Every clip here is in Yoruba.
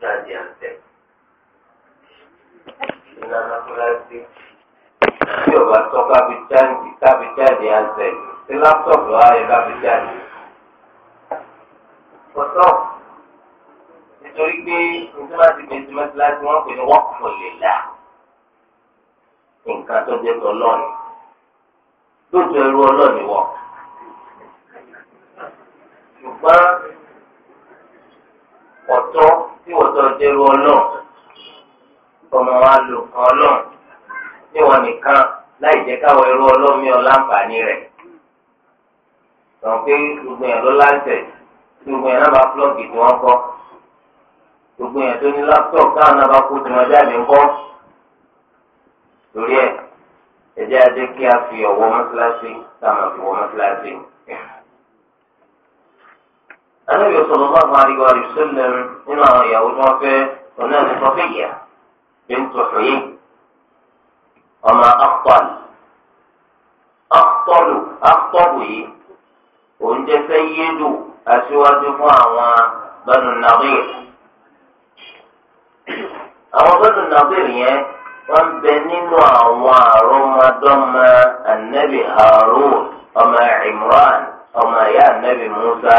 káàdì àǹtẹ̀. iná mọ́tíláṣí tí ò bá tọ́ kábíjáde kábíjáde àǹtẹ̀ tí láptọ̀pù ayé kábíjáde. pọ̀tọ́ nítorí pé mọ́tíláṣí méjì mọ́tíláṣí wọ́n pè ní wọ́pọ̀ lè là nǹkan tó jẹ́ tọ́ lọ́ọ̀nì lóòótọ́ ẹrú ọlọ́ọ̀ni wọ̀ ṣùgbọ́n. sọ dérú ọlọ́ọ̀ ọmọ wa lò ọlọ́ọ̀ níwọ̀n nìkan láì jẹ́ káwọn ẹrú ọlọ́ọ̀ mi ọ̀ láǹfààní rẹ̀ sọ pé gbogbo yẹn ló láǹtẹ̀ gbogbo yẹn náà bá plọ́ọ̀gì tí wọ́n kọ́ gbogbo yẹn tó ní láptọ̀pù táwọn náà bá kó tí wọ́n jáde ń kọ́ torí ẹ̀ ẹ̀jẹ̀ ajé kí a fi ọ̀wọ́ mọ́sálásí táwọn fi wọ́ mọ́sálásí. النبي صلى الله عليه وآله وسلم إنه يقول في هناك صفية بنت حيي وما أخطل أخطل أخطل وأنت سيد أسود فاوى بنو النظير àwọn gbọ́dọ̀ nàbẹrẹ yẹn bẹ nínú àwọn àrọmọdọ́mọ annabi harun ọmọ imran ọmọ ya annabi musa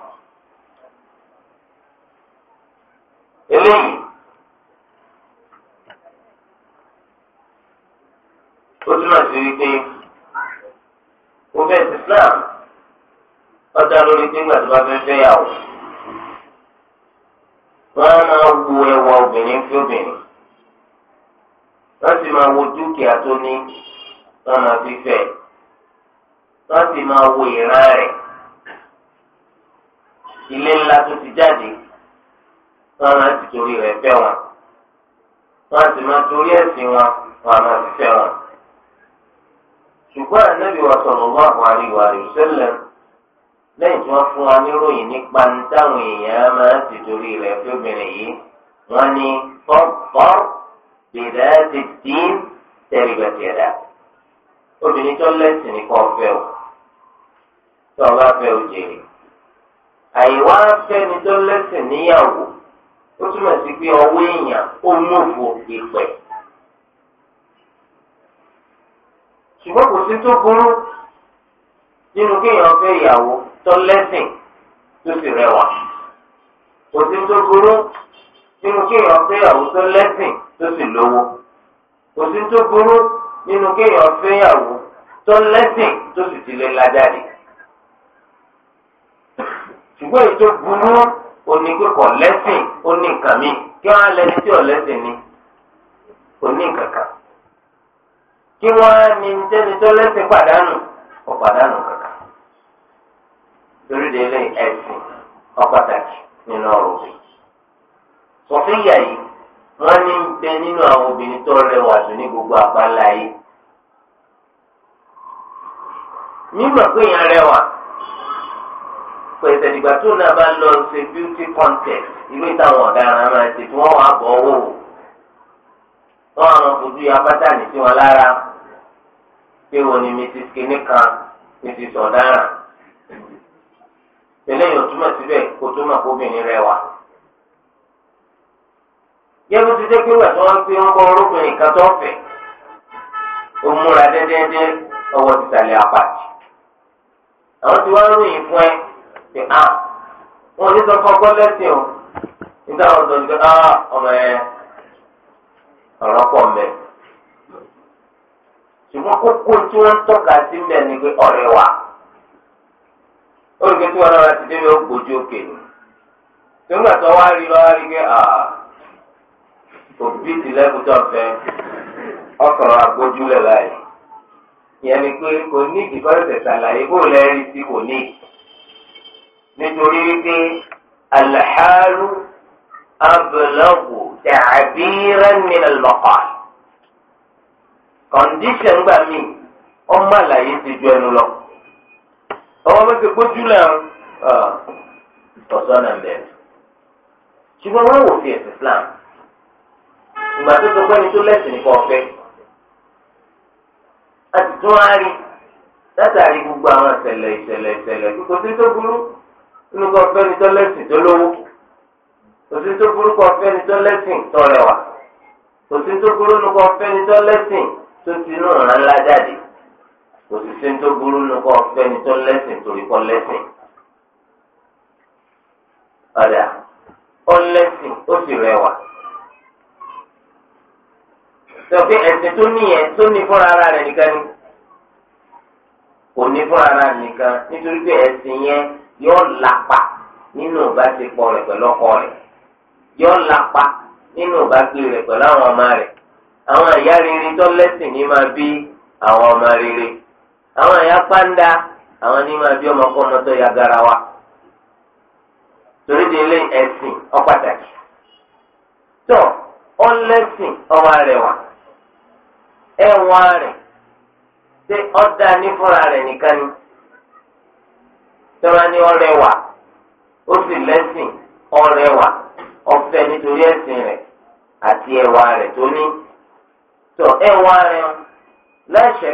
lónìí. ó túmọ̀ sí wípé òfin Islam ọjà lórí gbígbà tó bá fẹ́ fẹ́ yà wò. wọ́n á máa wo ẹwà obìnrin fún obìnrin wọ́n sì máa wo dúkìá tó ní wọ́n máa fi fẹ́ wọ́n sì máa wo ìran rẹ̀ ilé ńlá tó ti jáde. wọn máa ti torí rẹ̀ fẹ́ wọn wọn sì máa torí wọn wọn máa ti wọn. ṣùgbọ́n ànábì wa sallallahu alaihi wa lẹ́yìn tí wọ́n fún wa níròyìn nípa ní táwọn èèyàn máa ti torí rẹ fẹ́ obìnrin yìí wọ́n ní fọ́fọ́ obìnrin tó lẹ́sìn ní o jèrè fẹ́ni tó ó túmọ̀ sí pé ọwọ́ èèyàn ó mọ̀fò ìpẹ́. ṣùgbọ́n kò sí tó burú nínú kéèyàn fẹ́ ìyàwó tó lẹ́sìn tó sì rẹwà. kò sí tó burú nínú kéèyàn fẹ́ ìyàwó tó lẹ́sìn tó sì lówó. kò sí tó burú nínú kéèyàn fẹ́ ìyàwó tó lẹ́sìn tó sì ti ṣùgbọ́n ètò burú. oní lẹ́sìn oní mi kí wọ́n á tí lẹ́sìn ni oní kí wọ́n á ní tẹ́ni tó lẹ́sìn pàdánù ọ̀pàdánù kankan torí ẹ̀sìn ọ̀pàtàkì nínú ọ̀rọ̀ òbí. sọfíyà yìí wọ́n ní ń bẹ nínú àwọn obìnrin tó rẹwà ní gbogbo àgbáńlá mímọ̀ pé pẹ̀sẹ̀ ìgbà tó náà bá lọ ṣe beauty contest ìlú ìtàwọn ọ̀daràn máa ṣe tí wọ́n wà bọ̀ wò àwọn fojú ya ní sí wọn lára pé wọ́n ní mrs kínní mrs ọ̀daràn tẹ̀lé yóò túmọ̀ síbẹ̀ kó túmọ̀ rẹ wà. yẹ́nu ti jẹ́ pé wẹ̀ tí wọ́n ti ń bọ́ olóbìnrin kan tó fẹ̀ ó múra dẹ́dẹ́dẹ́ ọwọ́ ti sàlẹ̀ Ah, oh, pé ah, a wọn ní sọ fún ọgbọ́n lẹ́sìn o ọmọ ẹ ọ̀rọ̀ pọ̀ mẹ́ ṣùgbọ́n kókó tí wọ́n tọ́ka sí mẹ́ ni pé ọ̀rẹ́ wa olùkẹ́ tí náà ti òkè ni nígbà wá rí lọ́wọ́ rí pé a òbí ti fẹ́ ọkàn agbójúlẹ̀ láì yẹn ni pé kò ní ìdíkọ́ lẹ́rìí sí nítorí wípé alḥaalu ablagu ta'biran min al-maqal kọ̀ǹdíṣẹ̀ ńgbà mí ọmọ àlàyé ti ju ẹnu lọ ọmọ bẹ́ẹ̀ ti gbójú lẹ̀ ọ̀sán náà bẹ̀rẹ̀ ṣùgbọ́n wọ́n wò fi ẹ̀sìn Islam ìgbà tó sọ pé tó lẹ́sìn nìkan ọ̀fẹ́ a ti tún á rí látàrí gbogbo àwọn ìṣẹ̀lẹ̀ ìṣẹ̀lẹ̀ ìṣẹ̀lẹ̀ kíkọ́ tó tó burú inú kọ fẹ́ni tó lẹ́sìn tó lówó òsín tó burú kọ fẹ́ni tó lẹ́sìn tó rẹwà òsín tó burú nu kọ fẹ́ni tó lẹ́sìn tó ti inú ọ̀ràn ńlá jáde òsín tó burú nu kọ fẹ́ni tó lẹ́sìn torí kọ lẹ́sìn. ọ̀dà ó lẹ́sìn ó sì rẹwà sọ ẹ̀sìn tó ní yẹn tó ní fúnra ara rẹ̀ nìkan ni kò ní fúnra ara nìkan nítorí pé ẹ̀sìn yẹn. yọọ lapa nínú ìbáṣepọ̀ rẹ̀ pẹ̀lú ọkọ rẹ̀ yóò lapa nínú ìbágbé rẹ̀ pẹ̀lú àwọn ọmọ rẹ̀ àwọn ìyá rere tó lẹ́sìn ní máa bí àwọn ọmọ rere àwọn ìyá pàǹdà àwọn ní máa bí ya gara wa torí délé ẹ̀sìn ọ̀pàtàkì tó ọlẹ́sìn ọmọ rẹ̀ wà ẹ̀wọ̀n rẹ̀ ṣé ọ̀dà rẹ̀ nìkan ni. tọ́lá ní ọrẹwà ó sì lẹ́sìn ọrẹwà ọ̀fẹ́ nítorí ẹ̀sìn rẹ̀ àti ẹwà rẹ̀ tó ní. tọ ẹwà rẹ̀ lẹsẹ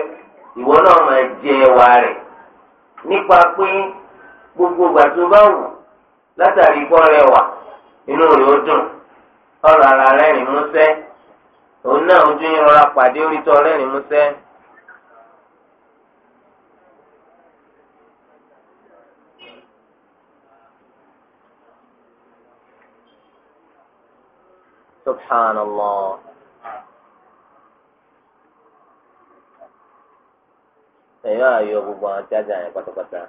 ìwọ náà máa jẹ ẹwà rẹ nípa pé gbogbo ìgbà tó bá wù látàrí inú rẹ ó dùn ọ̀rọ̀ ara rẹ̀ rìn músẹ́ òun náà ojú yín pàdé orí tọ́ rẹ̀ rìn músẹ́. سبحان الله ẹ̀yọ́ ayọ̀ gbogbo àwọn jáde àyẹ̀ pátápátá.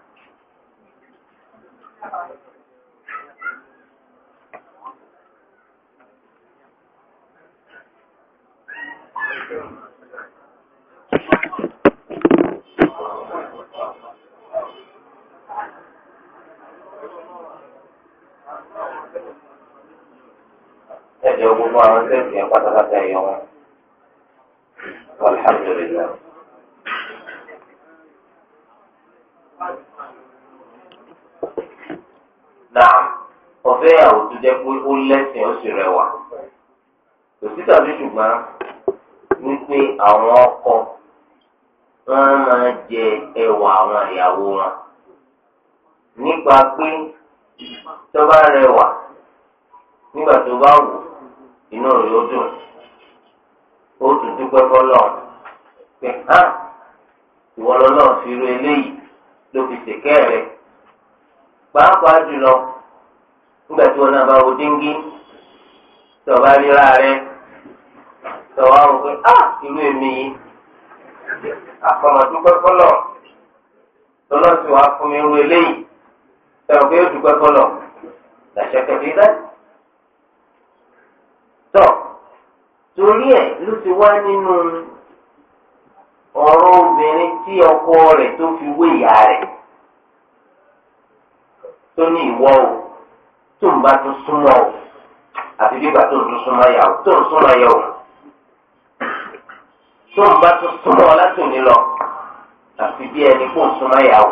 na àwọn sẹ́ẹ̀sì yẹn pátápátá ẹ̀yọ ọ̀fẹ́ ìyàwó tó jẹ́ pé àwọn ọkọ wọn máa jẹ ẹwà àwọn ìyàwó wọn nípa pé tó bá rẹwà nígbà tó bá wù inú rẹ̀ yóò dùn ó tún dúpẹ́ fọlọ́ pé á ah, ìwọ lọ́nà fi ru eléyìí ló fi ṣèkẹ́ rẹ̀ pàápàá jùlọ nígbà tí wọn náà bá wo díngí tọba ríra rẹ̀ tọwa wò pé á ah, irú èmi yìí àkọmọ dúpẹ́ fọlọ́ lọ́nà tí wàá fún mi ru eléyìí tẹ̀wọ́n pé ó dúpẹ́ fọlọ́ làṣẹ kẹfì dájú. torí ẹ ló ti wá nínú ọ̀rọ̀ obìnrin tí ọkọ rẹ̀ tó fi wé ìyá rẹ̀ tó ní ìwọ o tó ń bá tó súnmọ́ o àti bíbá tó ń tó súnmọ́ yà o tó ń súnmọ́ yà o tó ń bá tó súnmọ́ láti òní lọ àti bí ẹni kó ń súnmọ́ yà o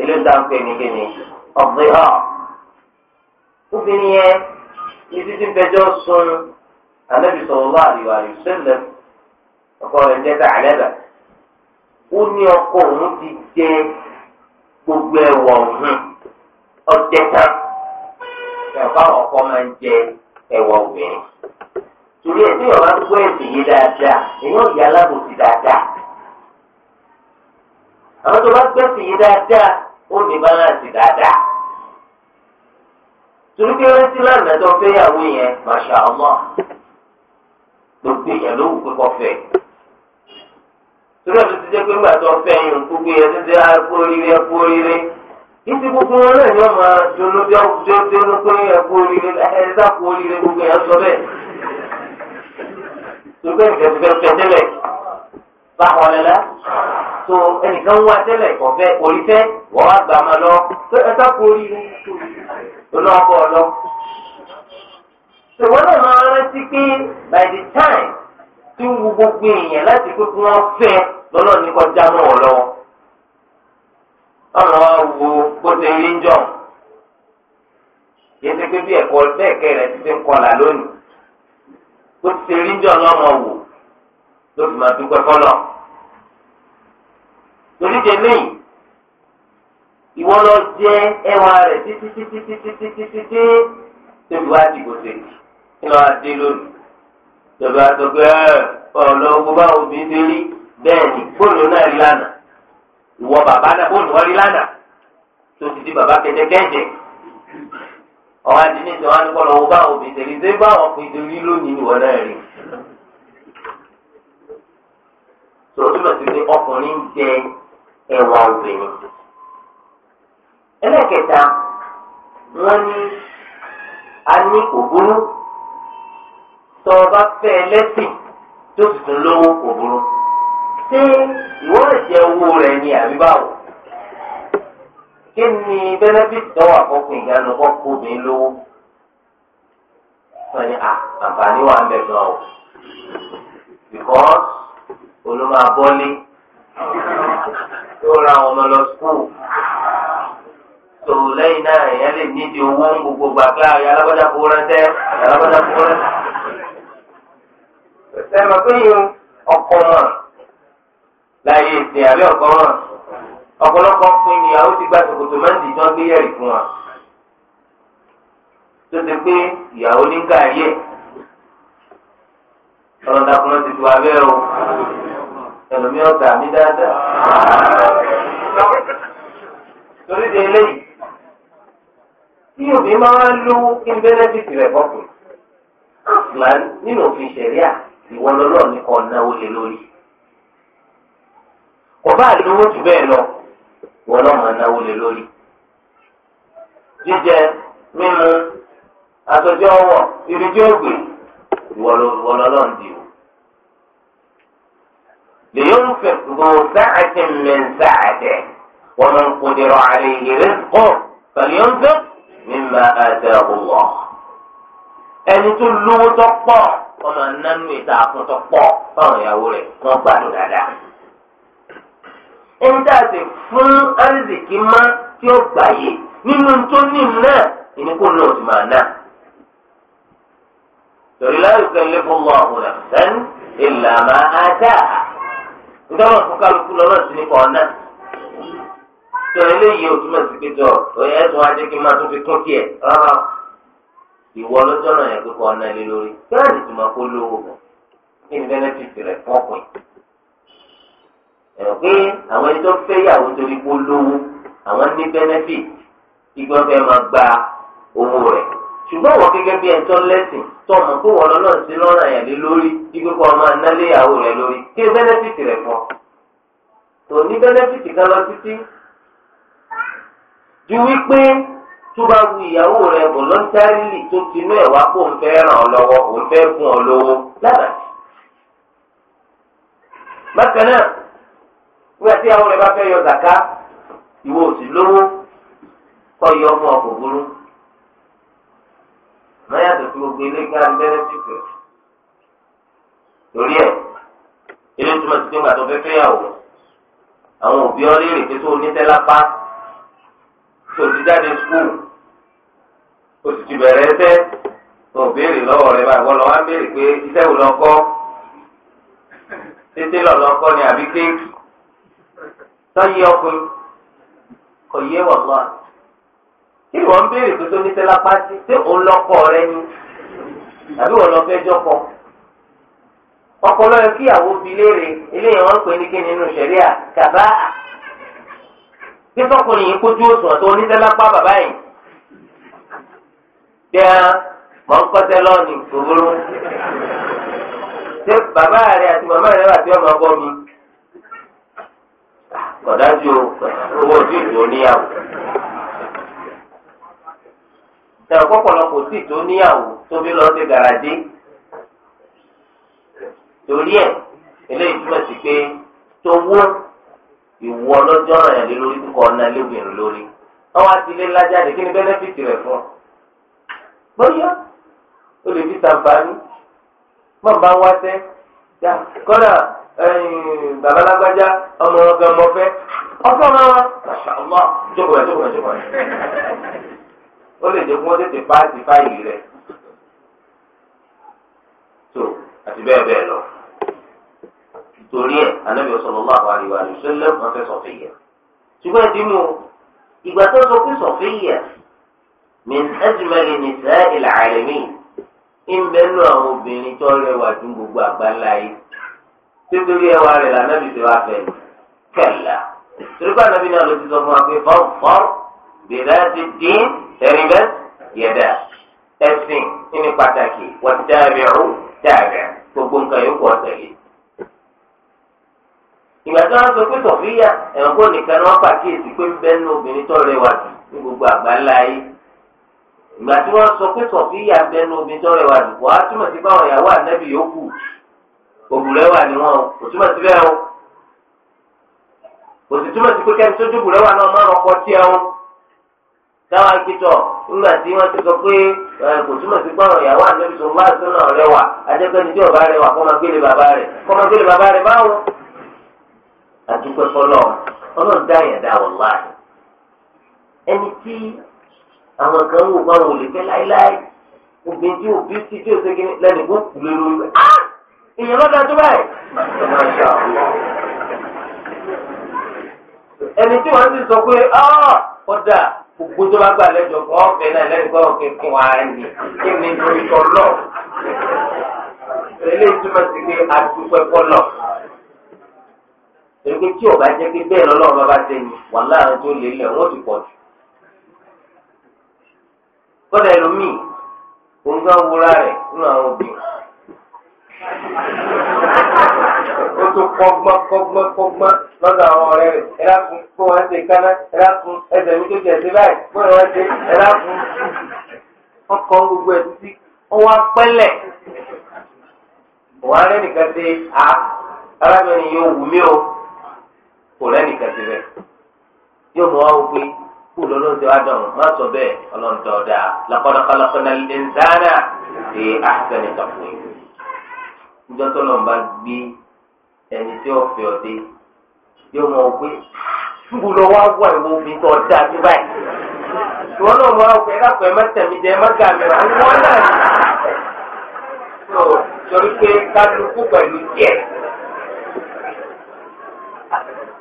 eléyìí dáhùn pé nìkéni ọ̀gbìn hàn obìnrin yẹn ní títí bẹjọ́ sun anabi sallallahu alaihi wasallam ọkọ rẹ̀ jẹ́ Tàlẹ́bà ó ní ọkọ òun ti jẹ gbogbo ẹ̀wọ̀ ọ̀hún ọjẹ́ tán ẹ̀fọ́ ọkọ máa ń jẹ ẹ̀wọ̀ obìnrin torí ẹ̀ tí yọ̀ bá gbọ́ èsì yìí dáadáa èyàn ìyá alábòsí dáadáa àwọn tó bá gbẹ̀sì yìí dáadáa ó ní báláǹsì dáadáa torí kí wọ́n ti lánàá tó fẹ́yàwó yẹn masha Allah gbogbo èèyàn ló wù pé kọ́ fẹ́. Sọ́dọ̀ tó ti jẹ́ pé ńgbà tó fẹ́ yín gbogbo èèyàn tó ti á ah, kú oríire kú oríire. Ìtì gbogbo wọn náà ni wọ́n máa dunu bí wọ́n dunu pé ẹ kú oríire ẹ dá kú oríire gbogbo èèyàn sọ bẹ́ẹ̀. Sọ́dọ̀ ìfẹ́ ti fẹ́ fẹ́ tẹ́lẹ̀ báwọn lẹ́la. So ẹnìkan wá tẹ́lẹ̀ kọ̀ fẹ́ orí fẹ́ wọ́n wá gbà máa lọ. Ẹ dá oríire. Ó ṣùgbọ́n náà máa rántí pé by the time tí ń wo gbogbo èèyàn láti pé kí wọ́n fẹ́ lọ́nà ní kọjá mọ́ ọ lọ́wọ́. ọ̀nà wa wo bó ṣe rí ń jọ kìí ṣe pé bí ẹ̀kọ́ bẹ́ẹ̀ kẹ́ rẹ̀ ti fi ń kọlà lónìí bó ṣe rí ń jọ lọ́mọ wò ló fi máa dúpẹ́ fọ́lọ́. torí jẹ lẹ́yìn ìwọ lọ jẹ ẹwà rẹ̀ títí títí títí títí títí tó fi wá dìbò ṣèlú nínú adé lónìí ìjọba sọ pé ọ̀nà ogun bá obìnrin ti rí bẹ́ẹ̀ ni fóònù náà rí lánàá ìwọ bàbá náà fóònù wọn rí lánàá tó ti di bàbá kẹtẹkẹjẹ ọ̀hún adínì tí wọ́n á ní kọ́ lọ́wọ́ bá obìnrin ti rí ṣé bá wọn fi ti rí lónìí ìwọ náà rí. sọ̀rọ̀ tó bẹ̀ sí pé ọkùnrin ń jẹ ẹ̀wà obìnrin. ẹlẹ́kẹta wọ́n ní a ní òbúrú tọ́ bá fẹ́ ẹlẹ́sìn tó sì tún lówó kò burú ṣé ìwọ lè owó rẹ ni àbí báwo kí ni benefit tó wà fọkùn ìyanu kọ́ kó mi lówó wọ́n ní ah, àǹfààní wà ń bẹ̀ gan o because olóma bọ́lé yóò ra àwọn ọmọ lọ skul tó lẹ́yìn náà èèyàn lè nídìí owó ń gbogbo gbàgbá alábọ́dá kó rántẹ́ alábọ́dá kó rántẹ́ sẹ́mi pé yín ọkọ láyé ìsìn àbí ọkọ wọn ọ̀pọ̀lọpọ̀ pin ni àwọn ti gba ṣòkòtò máa ń dìjọ́ gbé yẹ̀rì fún wa tó ti pé ìyàwó ní ká yẹ ọlọ́dà kan ti tu abẹ́ o ẹlòmíràn tà mí dáadáa torí de eléyìí tí òbí máa ń lo kí n bẹ́rẹ́ bìtì rẹ̀ kọ́kùn nínú òfin ṣẹ̀ríà ìwọ lọ́lọ́ ní kọ́ náwó lé lórí. kò bá àdúgbò jù bẹ́ẹ̀ lọ ìwọ lọ́mọ náwó lé lórí. jíjẹ mímu aṣojú ọwọ́ ìrìnjẹ́ ògbè ìwọ lọ́lọ́ ń dìbò. لينفق ذو سعة من سعته ومن قدر عليه رزقه فلينفق مما آتاه الله. ẹni tó lówó tó pọ̀ wọn máa nánú ìta àkúntọ pọ fáwọn ìyàwó rẹ̀ wọn gbádùn dáadáa ẹni tá a sì fún arizikì má tí ó gbàyè nínú tó ní náà ìníkó náà ti máa ná torí láyò kẹlẹ́ fún wọn àwọn àfẹn ìlànà ajá nítorí wọn fún kálukú lọ́wọ́ sí ní kọ́ náà tọ́ eléyìí o túmọ̀ sí pé ẹ̀sùn ajé kí n máa tún fi kún tiẹ̀ rárá ìwọ lọ́jọ́ náà yẹn kíkọ́ ọ̀nà ilé lórí bẹ́ẹ̀ ni tí máa kó lówó gan kí ni bẹ́nẹ́fìtì rẹ̀ fọ́pin. ẹ̀rọ pé àwọn ẹni tó fẹ́ yàwó torí kó lówó àwọn ní bẹ́nẹ́fìtì igbó fẹ́ máa gba owó rẹ̀ ṣùgbọ́n wọ́n gẹ́gẹ́ bí ẹ̀tọ́ lẹ́sìn tó mọ̀ pé wọ́n lọ́nà sí lọ́rùn àyàn lé lórí igbó kọ́ máa ná yàwó rẹ̀ lórí kí bẹ́nẹ́fìtì rẹ̀ fọ́ tò ní bẹ́nẹ́fìtì kan lọ títí ju wípé tó bá wu ìyàwó rẹ volontarily tó ti inú ẹ̀ wá kó ń fẹ́ ràn ọ́ lọ́wọ́ òun fẹ́ fún ọ lówó lábàá. bákan náà wíwá tí àwọn rẹ bá fẹ́ yọ zàká ìwọ òsì lówó kọ́ yọ ọmọ ọkọ̀ burú. máa yàtọ̀ sí gbogbo ilé ká ń bẹ́rẹ̀ sí pẹ̀. torí ẹ̀ ilé túmọ̀ sí pé ńgbà tó fẹ́ fẹ́ yàwó àwọn òbí ọ lérè pé tó o ní tó ti jáde skul o sì ti bẹ̀rẹ̀ ẹsẹ̀ tó béèrè lọ́wọ́ rẹ báyìí wọ́n lọ wá béèrè pé iṣẹ́ wo lọ kọ́ tètè lọ lọ kọ́ ni àbí kéèkì sọ́yìn ọkùnrin kò yé wọ̀ lọ́wọ́ kí wọ́n béèrè pé tó ní sẹ́lá pátí ṣé òun lọ́kọ̀ rẹ ni àbí wọ́n lọ fẹ́ jọ́kọ̀ ọkọ lọ́yọ̀ kíyàwó bi léèrè eléyìí wọ́n ń pè ní kí nínú ṣẹ̀ríà kàbá kí sọkùnrin yìí kójú òṣùwọ̀n tó oníṣẹ́ lápá bàbá yìí bí a mọ̀ ń kọ́sẹ́ lọ́ọ̀nì gbogbo ṣé bàbá rẹ àti màmá rẹ wà tí ọmọ bọ́ mi kọ̀dájú owó ojú ìdúró níyàwó tẹ̀rọ pọ̀pọ̀lọpọ̀ sí ìtò níyàwó tó fi lọ sí gàràdé torí ẹ̀ eléyìí túmọ̀ sí pé tówó ìwọ ọlọ́jọ́ ràn yàn lé lórí kọ ọ̀nà lébìnrin lórí ọwọ́ àti ilé ńlá jáde kí ni bẹ́nẹ́fìtì rẹ̀ fún ọ. bóyá o lè fi sàǹfààní máa bá wá sẹ́ yá kọ́dà bàbá lágbájá ọmọ wọn gan mọ fẹ́ ọkọ ọmọ wọn masha Allah jókòó rẹ jókòó rẹ jókòó rẹ ó lè jẹ́ kí wọ́n tètè páàtì fáìlì rẹ̀ tó àti bẹ́ẹ̀ bẹ́ẹ̀ lọ torí ẹ̀ anábìyọ̀ sallallahu alaihi wa sallam wọ́n fẹ́ sọ fìyà ṣùgbọ́n ìdínú ìgbà tó sọ pé sọ̀fíyà min ajmali nisa'il alamin ìmbẹ́nu àwọn obìnrin tó rẹwà dùn gbogbo àgbáńlá yìí títorí ẹwà rẹ̀ lànàbì tí wàá fẹ́ kẹlà tìrúkọ ànàbì náà ló ti sọ fún wa pé fọ́nfọ́ bèrè ti dín ẹ̀rìbẹ́ yẹ̀dà ẹ̀sìn ní pàtàkì wọ́n dábẹ̀rù dábẹ̀rù gbogbo nǹkan yóò kọ́ ọ̀sẹ̀ yìí ìgbà tí wọ́n sọ pé sọ̀fíyà ẹ̀wọ̀n kó nìkan ni wọ́n pàkíyèsí pé ń bẹ́ ní obìnrin tó rẹwà jù ní gbogbo àgbáńlá yìí ìgbà tí wọ́n sọ pé sọ̀fíyà ń ní obìnrin tó rẹwà jù wọ́n á túmọ̀ sí báwọn ìyàwó ànábì yòókù òbúrẹ́wà ni wọ́n kò túmọ̀ sí bẹ́ẹ̀ o kò sì túmọ̀ sí pé kẹ́mi tó dùbù rẹwà náà máa rọpò tiẹ̀ o táwọn akitọ̀ ńgbà tí wọ́n ti sọ pé kò túmọ̀ sí pé àwọn ìyàwó ànábì tó ń bá àtúnà rẹwà ajẹ́pẹ́ni tí ò rẹwà kọ́ àdúpẹ́ fọlọ́ ọlọ́run dá yẹn dá wọ́n láàyè ẹni tí àwọn kan wò pa wò lè fẹ́ láéláé obìnrin tí òbí tí tí òsè kí lẹ́nu kó kù lé lórí ah èèyàn lọ́dà tó báyìí. ẹni tí wọ́n ti sọ pé ọ́ ah! ọ̀dà gbogbo tó bá gbà lẹ́jọ́ fún ọ̀fẹ́ náà lẹ́nu kọ́ ọ̀fẹ́ fún wa ni kí ni torí tọ́ lọ. eléyìí túmọ̀ sí pé àdúpẹ́ fọlọ́ torí pé tí ọba jẹ́ pé bẹ́ẹ̀ lọ́lọ́run bá bá ṣe ni wà láàrin tó lè lẹ̀ wọ́n ti pọ̀ jù. kọ́dà ẹlòmíì òun gan wúra rẹ̀ nínú àwọn obìnrin. ó tún kọ́gbọ́n kọ́gbọ́n kọ́gbọ́n lọ́dọ̀ àwọn ọ̀rẹ́ rẹ̀ ẹ lákun kó wọ́n ṣe káná ẹ lákun ẹsẹ̀ mi tó jẹ̀ sí báyìí kó wọ́n ṣe ẹ lákun. wọ́n kọ́ gbogbo ẹ̀ títí wọ́n á pẹ́lẹ̀ wọ́n á rẹ́ nìkan ṣe arábìnrin yóò wù mí o kò rẹ́nì kẹsì rẹ̀ yóò mú wa wò pé kó lọ́lọ́ ti wá dàn má sọ bẹ́ẹ̀ ọlọ́ọ̀dọ̀ dáa lakọ́nàkọ́nàkọ́nà lẹ́nzánà ṣe àṣẹni kàfọ́ yìí. níjọ́ tó lọ́n bá gbé ẹni tí ó fẹ́ ọdẹ yóò mọ̀ pé kó lọ́wọ́ wá wọ ìwọ obìnrin tó ọdẹ àti báyìí. ìwọ náà mọ̀ ọ́ pé ẹ̀dàpọ̀ ẹ̀ má tẹ̀mí jẹ ẹ̀ má gà mí wọ́n náà. torí pé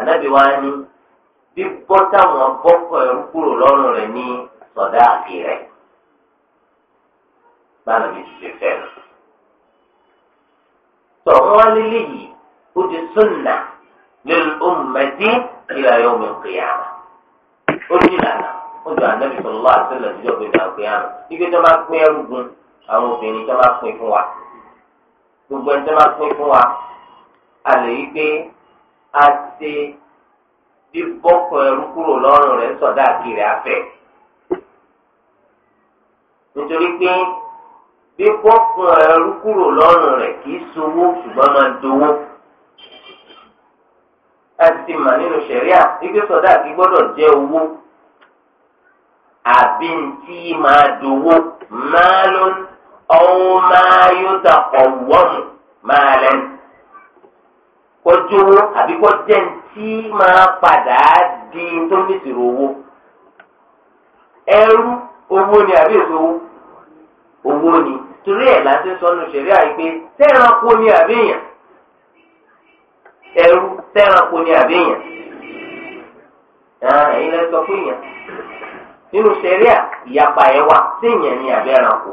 ànábì wa ní bí bọ́ táwọn bọ́kọ̀ ẹ̀rú kúrò lọ́rùn rẹ̀ ní sọ̀dá àti rẹ̀ báwọn mi ti ṣe fẹ́ lọ. tọ̀wọ́n wá nílé yìí ó di sunna lil ummati ila yawm al-qiyamah ó ní ìlànà ó jọ ànábì sallallahu alaihi wasallam ìjọba ìlànà al-qiyamah ibi tó máa pín ẹrú gun àwọn obìnrin tó máa pín fún wa gbogbo ẹni tó máa pín fún wa a lè pé àti bíbọ́kọ̀ ẹrú kúrò lọ́rùn rẹ̀ sọ̀dá kiri afẹ́. nítorí pé bíbọ́kọ̀ ẹrú kúrò lọ́rùn rẹ̀ kìí sowó ṣùgbọ́n máa dowó. a ti mà nínú ṣẹ̀ríà ike sọ̀dá kí gbọ́dọ̀ jẹ́ owó àbí ntí máa dowó máa ló ń ọ̀hún máa yóò dàpọ̀ wọ́ọ̀mù máa lẹ́nu kọjú owó àbí kọjẹ́ ní tí máa padà di tó ní ìṣirò owó ẹrú owó ni àbí èso owó owó ni torí ẹ̀ láti sọnù ṣẹ̀rí àìpé tẹ́ranko ni àbí èèyàn ẹrú tẹ́ranko ni àbí èèyàn ẹ̀yin lẹ sọ fún èèyàn nínú ṣẹ̀rí ìyapa ẹ̀ wá sí èèyàn ni àbí ẹranko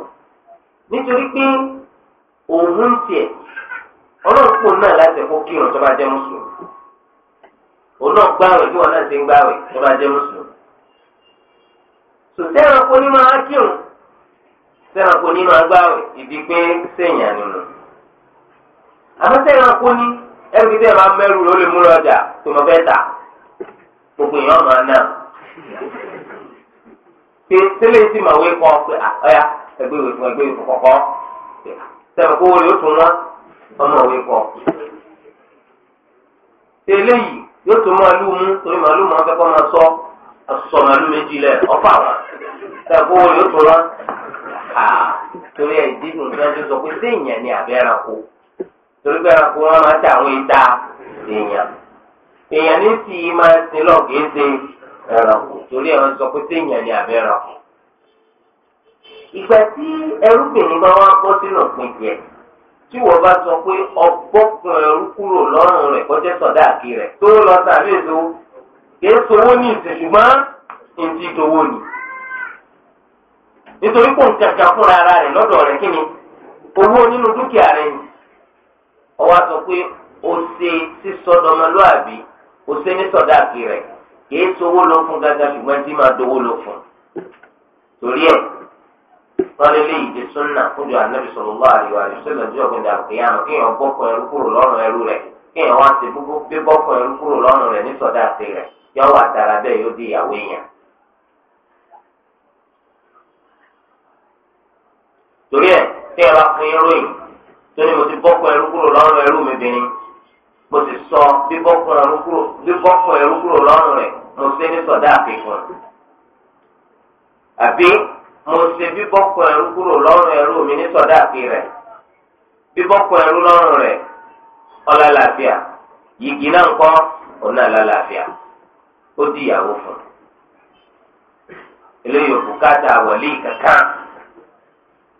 nítorí pé òun ń tiẹ̀ Ọ na náà láti kó kírun tó bá jẹ́ mùsùlùmí òun náà gbàwẹ̀ kí wọn náà ti ń gbàwẹ̀ tó bá jẹ́ mùsùlùmí. sòtẹ́ ẹranko ní máa kírun iji ẹranko ní máa gbàwẹ̀ ìdí pé sèèyàn nínú. àmọ́ ní tí máa mẹ́rù mú lọ́jà tó gbogbo máa tẹ́lẹ̀ wé kọ́ pé ọmọwé kọ eléyìí yóò tó màálù mú torí màálù máa fẹ́ kọ́ máa sọ àsọ màálù méjì lẹ̀ ọ̀fà wọn tẹ̀kọ́ wọn yóò tó wọn torí dídùn tí ti sọ pé séèyàn ni torí pé wọn máa àwọn ìta èèyàn èèyàn ní máa torí sọ pé séèyàn ni àbẹ́ ìgbà tí tí wọ́n bá sọ pé ọgbọ́n ẹrú kúrò lọ́rùn rẹ̀ kọjá sọ̀dá àkè rẹ̀ tó lọ sàbí èso kìí sowó ní ìsìn ṣùgbọ́n ìdí ìdòwò ni. nítorí kò ń kankan fúnra ara rẹ̀ lọ́dọ̀ rẹ̀ kí ni owó nínú dúkìá rẹ̀ ni. ọwọ́ sọ pé o ṣe sísọdọmọlúàbí o ṣe ní sọ̀dá àkè rẹ̀ kìí sowó ló fún gàgà ṣùgbọ́n tí máa dowó ló fún. torí ẹ̀ wọn lé léyìí di súnà kójú anabi sallallahu alaihi wasallam lọ́jọ́ gbẹ̀dẹ̀ àkèyàn kéèyàn bọ́kọ̀ ẹrú kúrò lọ́rùn ẹrú rẹ̀ kéèyàn wá ti gbogbo gbé bọ́kọ̀ ẹrú kúrò lọ́rùn rẹ̀ ní sọ̀dá àti rẹ̀ yọ wà tààrà bẹ́ẹ̀ yóò di ìyàwó èèyàn. torí ẹ tí ẹ bá fún yín ròyìn tó ní mo ti bọ́kọ̀ ẹrú kúrò lọ́rùn ẹrú mi mo ti sọ mo se bíbọ́kọ ẹrú kúrò lọ́rùn ẹrú mi ní sọ̀dáàkì rẹ̀ bíbọ́kọ ẹrú lọ́rùn rẹ̀ ọlá làáfíà yìgì náà ń kọ́ ó di ìyàwó fún un eléyìí òbúkátà wọlé kankan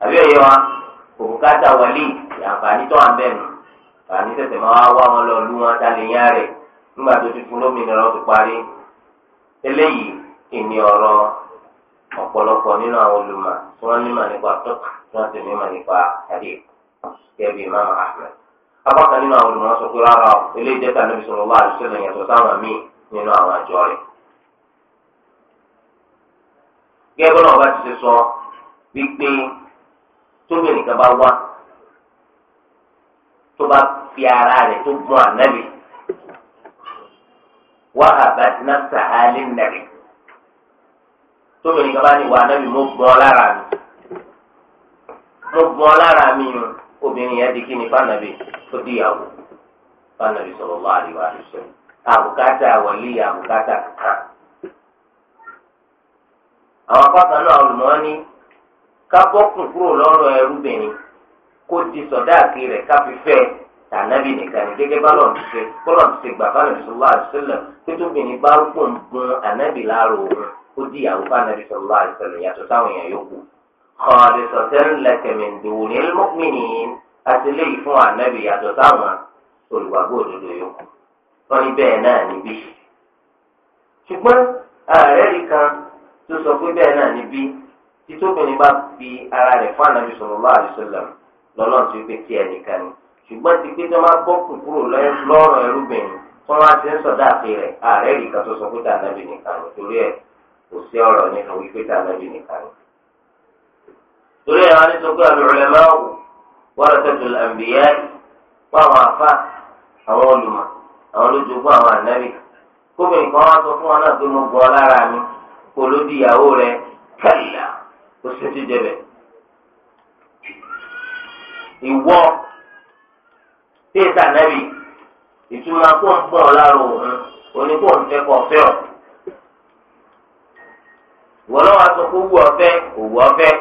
àbí ẹ̀yẹ wa òbúkátà wọlé àǹfààní tó wà nù àǹfààní tẹ̀sẹ̀ máa wá wá wọn lọ lú wọn dálé yá rẹ̀ nígbà tó ti fún lómìnira ó ọ̀pọ̀lọpọ̀ nínú àwọn olùmọ̀ tí wọ́n nímọ̀ nípa tọ́kà tí wọ́n sì nípa hadith kẹ́bí imam ahmed. apákan nínú àwọn olùmọ̀ sọ pé rárá o ilé ìjẹta níbi sọ̀rọ̀ wá àdúgbò sáwọn míì nínú àwọn àjọ rẹ̀. gẹ́gẹ́ náà bá ti ṣe sọ wípé tóbi nìkan bá wá tó bá fi ara rẹ̀ tó gun ànábì náà nàbì. tóbi nǹkan bá ní ìwà anábì mo gbọ́ ọ lára mi mo gbọ́ ọ lára mi nu obìnrin yẹn di kí ni fànàbì tó di ìyàwó fànàbì sọ̀rọ̀ wá àríwá àríṣọ àbùkátà wọlé àbùkátà kan. àwọn akọ́kàn náà olùmọ́ ní kábọ́kùn kúrò lọ́rọ̀ ẹrúbìnrin kó di sọ̀dáàkì rẹ̀ káfífẹ́ tànàbì nìkan ní gẹ́gẹ́ bá lọ́n ti ṣe bọ́lọ̀ ti ṣe gbà fànàbì sọ̀rọ̀ àríṣọ lẹ̀ tó tóbi ní bá gbòǹgbò ànábì láàrọ̀ òun ó di ìyàwó bá nàbí sọlá ìsọlẹ yàtọ̀ sáwọn èèyàn yòókù kọ́ọ̀dì sọ̀tẹ́rì lẹ́kẹ̀mẹ̀ndò ní mọ́mìnì àtìlẹ́yìn fún ànábì yàtọ̀ sáwọn olùwàgbọ́ òdodo yòókù wọ́n ní bẹ́ẹ̀ náà níbí. ṣùgbọ́n ààrẹ rí kan tó sọ pé bẹ́ẹ̀ náà níbí títóbìnrin bá fi ara rẹ̀ fún ànábì sọlá ìsọlẹ lọ́nà tó pé kí ẹnìkan ni ṣùgbọ́n ti pé tó máa bọ́ kúkúrò lọ́rùn ẹrúbìnrin tó máa ti ń sọ̀dá àfi rẹ̀ ààrẹ rí kan tó sọ pé tà kò sí ọ̀rọ̀ nínú wípé tá a nìkan torí àwọn ní sọ́kọ́ àlùrẹ́ máa wù warathatu al-anbiya fún àwọn afá àwọn olùmọ̀ àwọn olójoogun àwọn ànábì kóbìnrin kan wá sọ fún wọn náà pé mo gbọ́ lára mi ló di ìyàwó rẹ kẹlẹ́ kó sì ti jẹbẹ. ìwọ tí ìta ìtumọ̀ kó ń pọ̀ lára òun wọ́n náà wá sọ pé owó ọ̀fẹ́ owó ọ̀fẹ́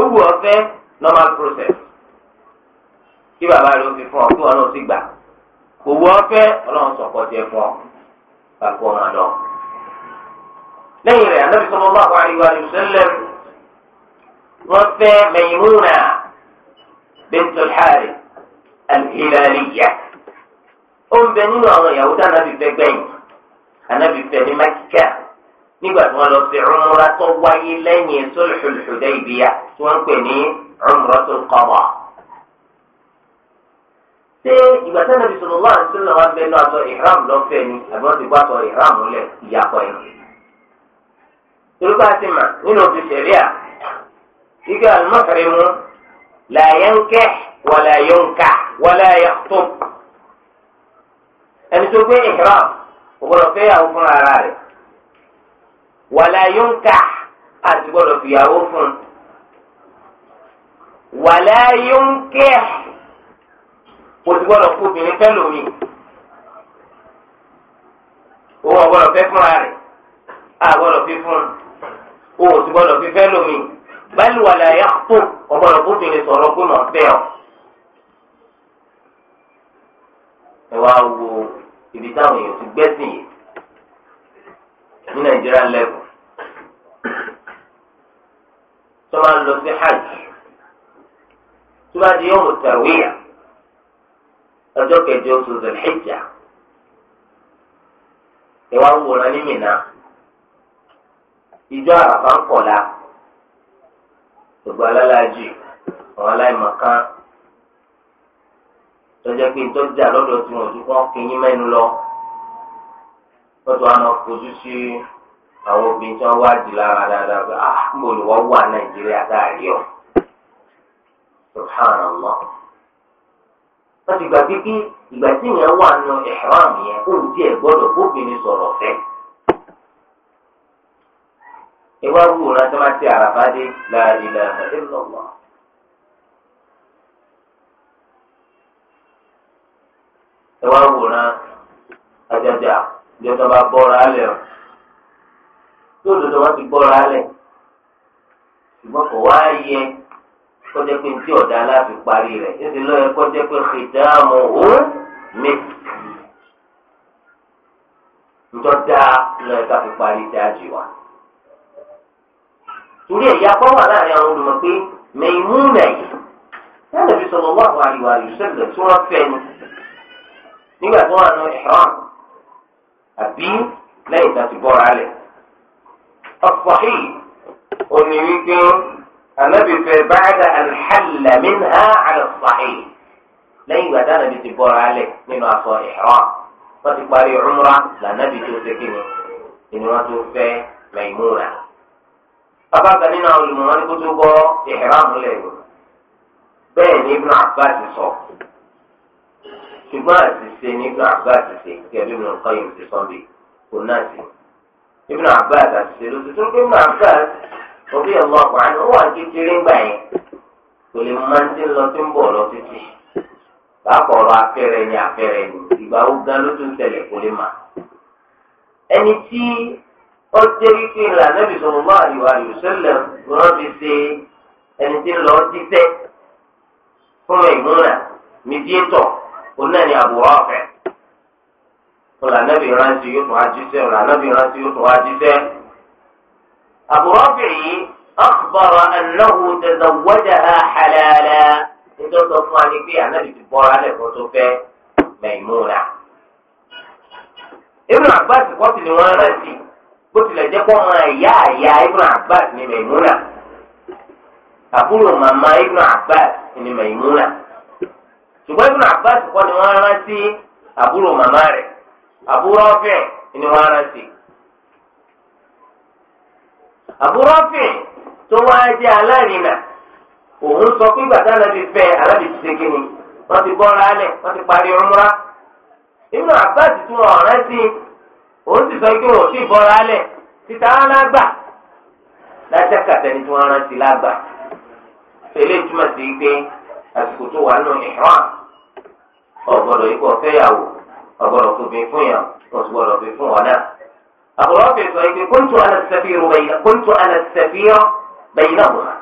owó ọ̀fẹ́ normal process kí bàbá rẹ̀ ó fi fún ọ kí wọ́n náà sì gbà owó ọ̀fẹ́ ọlọ́run sọ̀kọ́ jẹ fún ọ kàkó ọmọ lọ. lẹ́yìn rẹ̀ anábì sallallahu alaihi wa sallam wọ́n fẹ́ Maymuna bint al-Harith al-Hilaliyah ó ń bẹ nínú àwọn ìyàwó tí anábì fẹ́ gbẹ̀yìn anábì fẹ́ ní Mẹ́kíkà nígbà tí wọ́n lọ sí umra tó wáyé lẹ́yìn Sulhul Hudaybiyah tí wọ́n ń pè ní umratul qada. ṣé ìgbà tí Ànábì sallallahu alaihi wasallam wá bẹ́ẹ̀ lọ́wọ́ aṣọ ìhram lọ́fẹ̀ẹ́ ni àbí wọ́n ti gbọ́ aṣọ ìhram lẹ̀ ìyàpọ̀ ẹ̀. tolúkà ti mà nínú òfin ṣẹ̀ríà ike al-muhrimu la yankih wala ẹni tó gbé ìhram ògbọ́dọ̀ fẹ́yàwó fún ara rẹ̀ wàlá yónkà àti gbọ́dọ̀ fìyàwó fún un wàlá yónkè kò sí gbọ́dọ̀ kó obìnrin fẹ́ lómi òun ọ̀gbọ́dọ̀ fẹ́ fúnra rẹ̀ àgbọ́dọ̀ fi fún un òun sì gbọ́dọ̀ fi fẹ́ lómi báyìí wàlá yá tó ọ̀gbọ́dọ̀ kó obìnrin sọ̀rọ̀ pé mọ̀ fẹ́ ọ. ẹ wá wo ibi táwọn èèyàn ti gbẹ́sìn yìí ní nàìjíríà lẹ́kọ̀ọ́. tó máa ń lọ sí hajj tó bá di yọ̀mù tàwíyà ọjọ́ kẹjọ oṣù zèlhìjà ìwà ń wòran ní mìíràn ìjọ àràbà ń kọ̀la gbogbo alálàájì àwọn aláìmọ̀kan tọ́jà pé tọ́jà lọ́dọ̀ tí wọ́n ti kọ́ kí mẹ́nu lọ wọ́n tó wá máa fojú sí. àwọn obìnrin tí wọ́n wá jù lára dáadáa pé ah mo lè wọ́n wà nàìjíríà dáàrí ọ̀ ti gbà pípín ìgbà tí yẹn wà nù ihram yẹn kó o tiẹ̀ gbọ́dọ̀ bóbìnrin sọ̀rọ̀ fẹ́. ìwà wúrọ̀ tó máa ti àràbá dé la ilaha ìwà ajájà ìjọba bọ́ra tí òdodo wọn ti gbọ́ra alẹ̀ ṣùgbọ́n kò wá yẹ kọjá pé tí ọ̀dà aláfi parí rẹ̀ níbi lọ́yẹ kọjá pé xìdáàmù ó mi. Ntọ́ dáa lọ́yẹ ká fi parí dáàjì wa. Torí ẹ̀yà kọ́ wà láàrin àwọn olùmọ̀ pé Maimuna yìí. Yàtọ̀ bí sọ̀rọ̀ wà wà àríwá rẹ̀ sẹ́gbẹ̀ tí wọ́n fẹ́ ni. Nígbà tí wọ́n á nu ihram àbí lẹ́yìn tá ti bọ́ra lẹ̀ ọ̀pọ̀hì òní wípé ànábì fẹ́ báyìí alḥàlà minha alṣàhì lẹ́yìn ìgbà tí ànábì ti bọ́ra alẹ̀ nínú aṣọ ìhrọ́m wọ́n ti parí umra lànàbì tó ṣe kíni ìní wọ́n tó fẹ́ Maimuna. bàbá kan nínú àwọn olùmọ̀ọ́ ní kó tó bọ́ ìhrọ́m lẹ́yìn bẹ́ẹ̀ ni Ibn Abbas sọ ṣùgbọ́n àṣìṣe ni Ibn Abbas ṣe kí ẹbí mi nǹkan yìí ti sọ́ọ́ bí kò náà sí i. Ibn Abbas àti ṣe lóṣù tó ń pè Ibn Abbas òbí ọmọ àgbàáni ó wà kékeré ńgbà yẹn kò lè máa ń dín lọ tí ń bọ̀ lọ títí bákan ọ̀rọ̀ afẹ́rẹ́ ni afẹ́rẹ́ ni ìgbà ó gan ló tún tẹ̀lé kò lè mà. ẹni tí ó jẹ́ wípé lànàbì sallallahu alaihi wasallam wọ́n fi ṣe ẹni tí ń lọ títẹ́ fún ìmúnà mídíétọ̀ òun náà ni ọ̀làdàbí rántí yóò tún ajíṣẹ́ ọ̀làdàbí rántí yóò tún ajíṣẹ́. Abu Rafi' akhbara annahu halala nítorí fún wa ní pé ànábì ti bọ́ra lẹ́kọ̀ọ́ tó fẹ́ Maimuna. Ibn Abbas kọ́ ni wọ́n rántí bó tilẹ̀ jẹ́ kó máa yá àyà ni Maimuna. Àbúrò màmá ni Maimuna. Ṣùgbọ́n kọ́ ni wọ́n rántí àbúrò màmá rẹ̀. àbúrò ọ̀fẹ́ ni ara sí. àbúrò ọ̀fẹ́ tó wá jẹ́ aláìrìnà òun sọ pé gbàtà nàbí fẹ́ alabi ti ṣe kíni ti bọ́ra alẹ̀ wọ́n ti parí ọmúra. nínú àbáàtì tí wọ́n ọ̀rẹ́ sí òun sì sọ pé wọ́n ò sì bọ́ra alẹ̀ títa wọn lágbà láti àkàtẹ́ni tí wọ́n ara sí lágbà. tẹ̀lé túmọ̀ sí pé àsìkò tó wà nù ìhàn ọ̀gbọ̀dọ̀ ikọ̀ fẹ́yàwó. ọgbọ́dọ̀ kò fi fún yàn wọ́n ti gbọ́dọ̀ fi fún wọn náà. àbúrò ọ̀fẹ́ sọ pé kóńtù alẹ́sẹ̀fìrù bẹ̀yìnà kóńtù alẹ́sẹ̀fìrù bẹ̀yìnà wò hàn.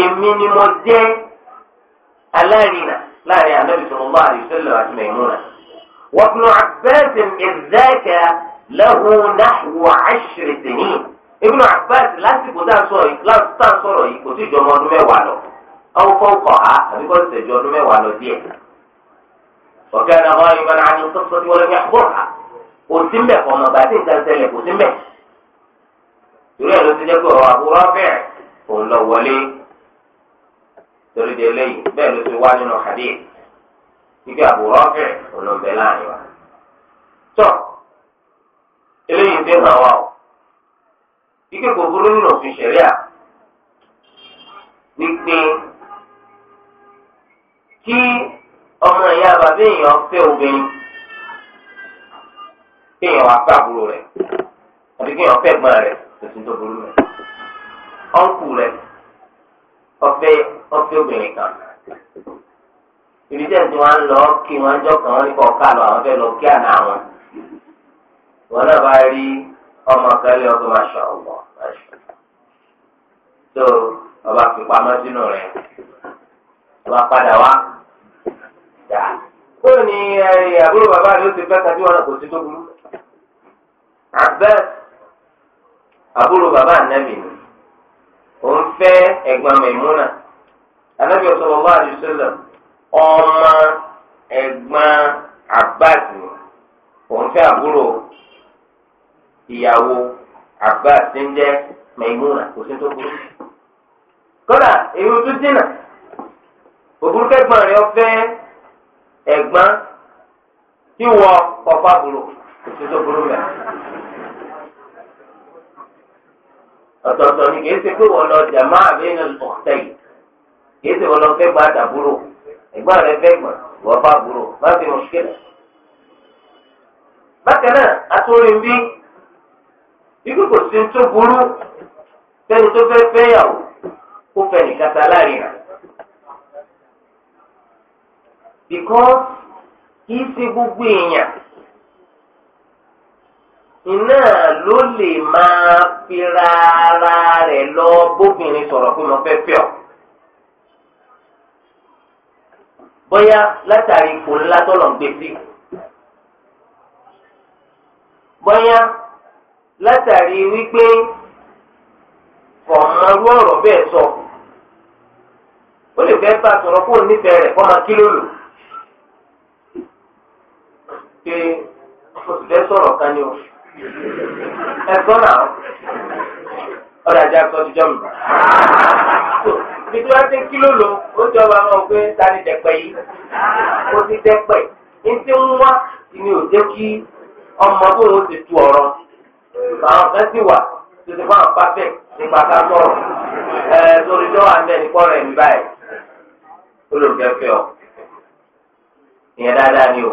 èmi ni mo jẹ́ alárinà láàrin anábì sọ̀rọ̀ bá àdìsẹ́lẹ̀ àti mẹ̀múnà. wọ́pùnù àbẹ́sìn ìdáka lẹ́hùn náhùn àṣírí sẹ́ni. ibùnú àbẹ́sìn lásìkò tá a sọ̀rọ̀ yìí kò tí ì وكان غائبا عن القصة ولم يحضرها قلت لك وما بعدين قلت لك قلت لك torí ẹ̀ ló ti jẹ́ pé ọ̀rọ̀ àbúrò ọ̀fẹ́ òun lọ wọlé torí de lẹ́yìn bẹ́ẹ̀ ló ti wá nínú hadith wípé àbúrò ọ̀fẹ́ òun lọ bẹ láàrin wa. tọ́ eléyìí ti hàn wá o ike kò burú nínú òfin ṣẹ̀ríà wípé kí ọmọ ìyá bàbá èèyàn fẹ́ obìnrin kéèyàn wá fẹ́ àbúrò rẹ̀ àbí kéèyàn fẹ́ ẹ̀gbọ́n rẹ̀ tòsí tó burú rẹ̀ ọ̀nkù rẹ̀ ọ̀fẹ́ ọ̀fẹ́ obìnrin kan ibi tẹ̀ tí wọ́n lọ kí wọ́n jọ kàn wọ́n ní kọ́ ká lọ àwọn fẹ́ lọ kí àná àwọn wọn náà bá rí ọmọ kẹlẹ́ ọdún maṣọ ọgbọ̀n maṣọ tó ọba fipamọ́ sínú rẹ̀ ọba padà wá tó ní àbúrò bàbá rẹ̀ ó ti fẹ́ tàbí wọn kò sí tó burú. Abbas àbúrò bàbá ànábì ni òun fẹ́ ẹ̀gbọ́n Maimuna ànábì sallallahu alaihi wasallam ọmọ ẹ̀gbọ́n Abbas ni òun fẹ́ àbúrò ìyàwó Abbas ti ń jẹ́ Maimuna kò sí tó burú. kódà èyí tó dínà òbúrúkẹ́gbọ̀n rẹ̀ ọ fẹ́. ẹ̀gbọ́n tí wọ kọfà burú tuntun burú mẹ. ọ̀tọ̀ọ̀tọ̀ ni kìí ṣe pé wọ́n lọ jàmá àbẹ́yẹn ọ̀tẹ̀ yìí kìí ṣe wọ́n lọ fẹ́ gba àdàbúrò ẹ̀gbọ́n rẹ fẹ́ gbọ̀n wọ́n fà burú má fi bákan náà bí ikú kò sí tó burú tó kó because kìí ṣe gbogbo èèyàn iná ló lè máa fira ara rẹ̀ lọ bóbìnrin sọ̀rọ̀ pé mo fẹ́ fẹ́ ọ. bóyá látàrí ipò ńlá tọ́lọ̀ ń gbé sí bóyá látàrí wípé kọ̀ọ̀mọ́rú ọ̀rọ̀ bẹ́ẹ̀ sọ ó lè fẹ́ bá sọ̀rọ̀ kó nífẹ̀ẹ́ rẹ̀ kọ́ máa kí ló pé oṣù sọ̀rọ̀ kan ni o ẹ gbọ́n náà ọ̀dà àjà sọ ti jọ mi. Ìtura ti kí ló lò ó jọba máa ń pé ta ni dẹ̀pẹ̀ yìí ó ti dẹ̀pẹ̀ ní ti ń wá ni ò jẹ́ kí ọmọ bóun ti tu ọ̀rọ̀ àwọn kan sì wà tó ti fún àwọn pàfẹ́ nípa ká sọ̀rọ̀ ẹ̀ sórí tó wà bẹ́ẹ̀ nípa ọ̀rọ̀ ẹ̀ ń báyìí ó lò fẹ́ fẹ́ ọ ìyẹn dáadáa ni o.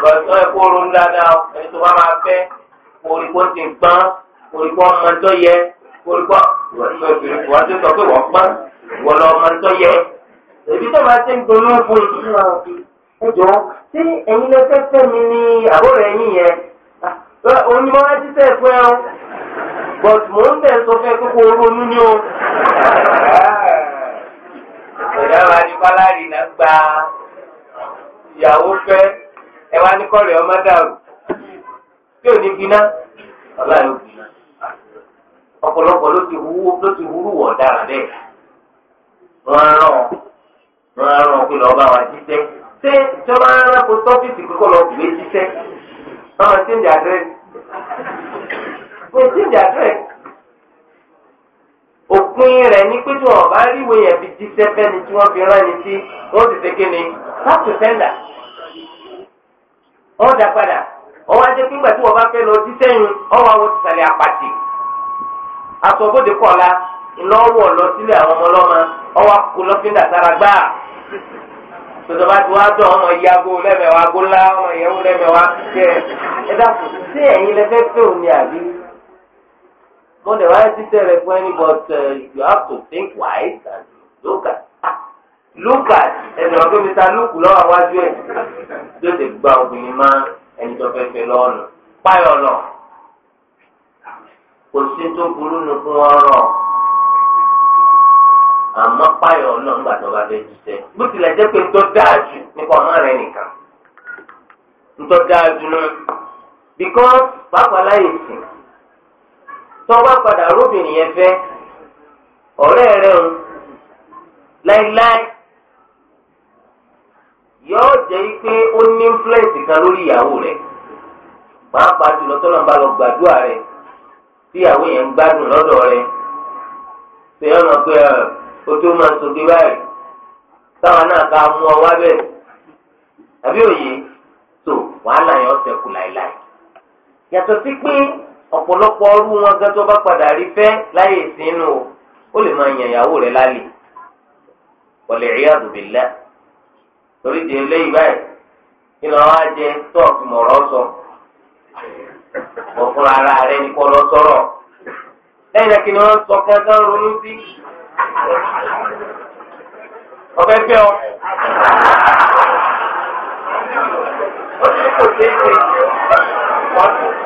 gbọ̀dọ̀ ẹ̀kọ́ ronú dáadáa ẹni tó bá máa fẹ́ orúkọ ti ń gbọ́n orúkọ ọmọ tó yẹ orúkọ wọ́n ti sọ pé wọ́n gbọ́n wọ́n lọ ọmọ tó yẹ. èbí tó máa ti ń gbóná fún un. ẹ jọ sí ẹ̀yin lẹ́fẹ́ fẹ́ mi ní àbúrò ẹ̀yìn yẹn onímọ̀ wá ti tẹ̀ fún ẹ o but mò ń tẹ̀ sọ fẹ́ kókó ronú ni o. ìjọba ní kọ́lá rìn náà gba. ìyàwó fẹ́ ẹ wá ní kọ́rẹ́ ọmọ dàrú tí ò ní gbiná ọlá yóò gbiná ló ti wúwo ló ti wúrú wọ̀ dára rán rán pé bá wa jíṣẹ́ ṣé ìjọba rárá kó tọ́fíìsì kíkọ́ lọ máa ṣe ń òpin rẹ̀ ní pé tí wọn bá rí ìwé yẹn fi jíṣẹ́ fẹ́ni tí wọ́n fi rán ni wọ́n ti ṣe kéne láti sẹ́ńdà wọ́n dá padà wọ́n wá jẹ́ pé tí wọ́n bá fẹ́ lọ jíṣẹ́ àpàtì kọ̀ọ̀la àwọn ọmọ ọlọ́mọ ọwọ́ kò lọ tí ọmọ lẹ́mẹ̀wá ọmọ lẹ́mẹ̀wá mo lè wáyé títẹ̀ rẹ fún ẹni but uh, you have to think wise and look at ah, look at ẹni ọ̀gbẹ́ mi ta lóòkù lọ́wọ́ àwájú ẹ̀ tó ti gba obìnrin má ẹni tó fẹ́ fẹ́ lọ́ọ̀nù páyọ̀ lọ kò sí tó burú nu fún ọrọ̀ àmọ́ páyọ̀ náà ń gbàdọ̀ bá fẹ́ jíṣẹ́ bó tilẹ̀ jẹ́ pé tó dáa jù nípa ọmọ rẹ nìkan tó dáa jù náà because pàápàá láyè sìn. tọ́gbà padà rúbìnrin yẹn fẹ́ ọ̀rẹ́ rẹ̀ ń láíláí yóò jẹ́ pé ó ní influence kan lórí ìyàwó rẹ̀ pàápàá jùlọ tọ́lọ̀ ń bá lọ gbàdúrà rẹ̀ tí ìyàwó yẹn ń gbádùn lọ́dọ̀ rẹ̀ ṣe ọ̀nà pé o tó máa sọ̀gbé báyìí táwọn náà ká mú ọ wá bẹ́ẹ̀ àbí òye tó wàhálà yẹn ọ̀sẹ̀ kù láíláí yàtọ̀ sí pé. ọ̀pọ̀lọpọ̀ ọrú wọn gan tó bá padà rí fẹ́ láyè sínú o ó lè máa yàn ìyàwó rẹ̀ lálẹ́ wọlé ẹ̀yà àdùbìlá torí di eléyìí báyìí kí ló wá jẹ tó o fi mọ̀rọ̀ sọ wọ́n fúnra ara rẹ ní kọ́ lọ sọ̀rọ̀ lẹ́yìn náà kí ni wọ́n sọ kankan ronú sí ọbẹ̀ fẹ́ ọ ó ti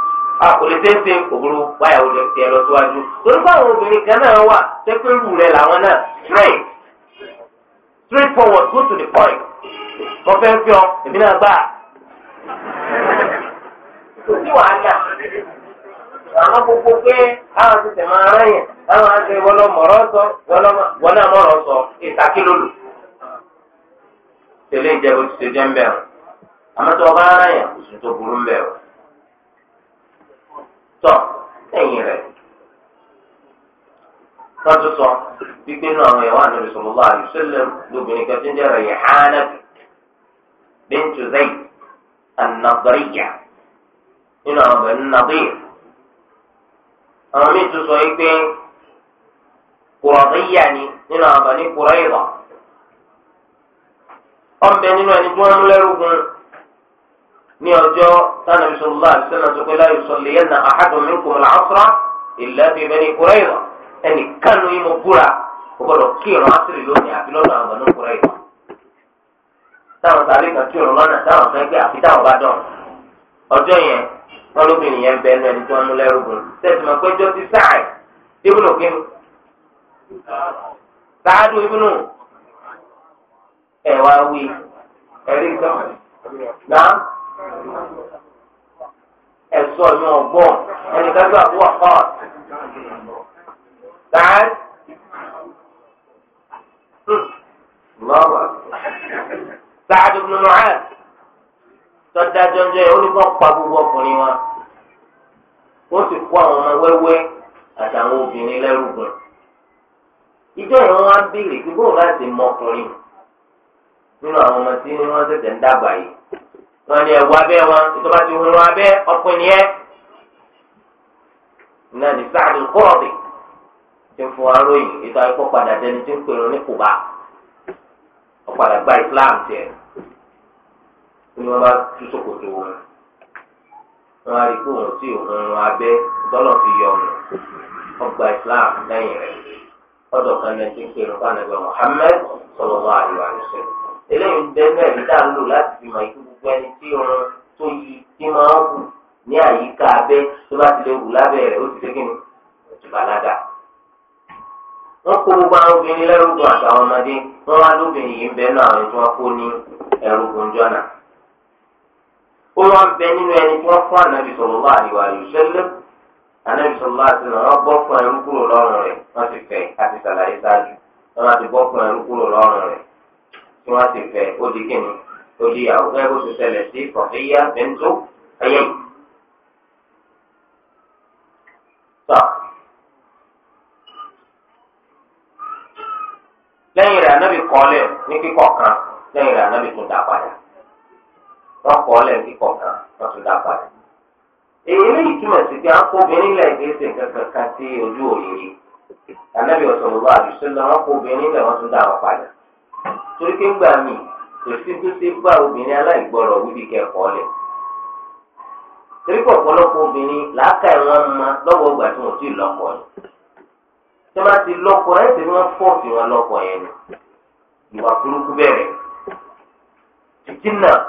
a kò lè tẹ́sẹ̀ òwúrò wáyà òjò tiẹ̀ lọ síwájú torí báwọn obìnrin kan náà wà tẹ́pẹ́rù rẹ̀ làwọn náà straight straight forward go to the point mo fẹ́ fi ọ èmi náà gbà kò sí wàhálà àwọn gbogbo pé àwọn ti tẹ̀ máa rán yẹn àwọn àti wọlọmọrọ sọ wọlọmọrọ sọ ìtàkìlólù tẹlẹ ìjẹun ti ṣe jẹ ń bẹ̀rù àmọ́ tí wọ́n bá rán yẹn tó burú ń bẹ̀rù tọ́ lẹ́yìn rẹ̀ wọ́n tún sọ wípé náà àwọn ìyàwó àti Rasulullah àdùsọ́lẹ̀ lóbìnrin kan tí ń jẹ́rọ Rayhana bintu Zayd an-Nadiriyya nínú àwọn Banu Nadir àwọn míì tún sọ wípé Quraydiyya ni nínú àwọn Banu Qurayza ọ̀nbẹ nínú ẹni tí wọ́n mú lẹ́rú gun ní ọjọ́ tánàbí sọlá àbísọ́nà tó pé láyé sọlá yẹn na àhàdùn mí kùn làásùrà ìlà bíi bẹ́ẹ̀ ni kúrẹ́ ìwà ẹnì kánú yín mo búra o gbọ́dọ̀ kí ìrun àṣírí lónìí àbí lọ́dọ̀ àwọn ọ̀nà kúrẹ́ ìwà. táwọn sáré kan kí ìrun lọ́nà táwọn fẹ́ gbé àfi táwọn bá dán ọjọ́ yẹn wọn lóbìnrin yẹn bẹ́ẹ̀ nu ẹni tí wọ́n lẹ́rùgùn tẹ̀sí mọ̀ pé ti sáàì ẹ̀sọ́ ni ọ̀gbọ́n ẹnìkan tó àbúwà kọ́ọ̀t. Tàn. Sàádù bùnú Mùhàn tọ́jà jọjọ yẹn ó ní kó pa gbogbo ọkùnrin wa. Ó sì kó àwọn ọmọ wẹ́wẹ́ àtàwọn obìnrin lẹ́rùgùn. Ìjọ ìran wa ń béèrè pé bóun láti mọ ọkùnrin nínú àwọn ọmọ tí wọ́n tẹ̀sẹ̀ ń dàgbà yìí wọn ni ẹwọ abẹ wọn ìtọ́ba ti hun wọn abẹ ọkùnrin yẹn náà ní sáà ní kúrọ̀bì tí ń fún wa ròyìn ètò àìkọ́ padà dẹni tí ń pèrò ní kùbà ọ̀padà gba Islam tiẹ̀ ni wọ́n bá tú sòkòtò wọn wọn á rí i pé òun tí òun hun abẹ dọ́là fi yọ ọ̀nà ọgbà Islam lẹ́yìn rẹ̀ ọ̀dọ̀ kan náà ti ń pèrò fún ànàgbà Muhammad sallallahu alaihi wasallam eléyìí ń bẹ́ẹ̀ náà ní dáa láti fi mọ ikú gbogbo ẹni tí irun tó yí tí máa ń wù ní àyíká abẹ́ tó bá ti lè wù ó ti ni kó gbogbo àwọn obìnrin lẹ́rùgùn àtàwọn ọmọdé wọ́n wá lóbìnrin yìí ń bẹ́ẹ̀ náà àwọn tí wọ́n kó ní ẹrùgùn jọ́nà. ó wọ́n bẹ nínú ẹni tí wọ́n fún ànábì sọ̀rọ̀ wá àríwá yìí ṣẹlẹ̀ ànábì torí àwọn ẹgbẹ́ tó ṣẹlẹ̀ sí kọ̀fíyà bẹ́ńtò ẹ̀yẹ yìí. lẹ́yìn rẹ̀ anábì kọ́lẹ̀ ní kíkọ̀ kan lẹ́yìn rẹ̀ anábì tún dá padà wọ́n kọ́lẹ̀ ní kíkọ̀ kan wọ́n tún dá padà. èyí lẹ́yìn túmọ̀ sí pé akóbìnrin lẹ̀ gẹ́sẹ̀ kankan kan sí ojú òrìrì anábì ọ̀sán lọ́wọ́ àdùsọ́ lọ́wọ́ akóbìnrin lẹ̀ wọ́n tún dá wọn padà torí pé ń gbà míì kò sí tó ṣe bá obìnrin aláìgbọràn wíbi kẹ́kọ̀ọ́ lẹ torí ọ̀pọ̀lọpọ̀ obìnrin làákà ẹ̀wọ̀n ma lọ́wọ́ ọgbà tí wọ́n ti tí wọ́n ti lọ́kọ ẹ̀ ni ìwà burúkú bẹ̀rẹ̀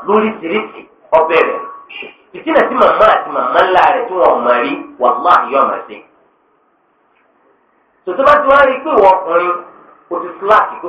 lórí tìrìkì tí màmá àti màmá ńlá rẹ̀ tí wọ́n mọ̀ rí sí. tòtò bá ti wá rí pé ìwọ ọkùnrin kò ti jù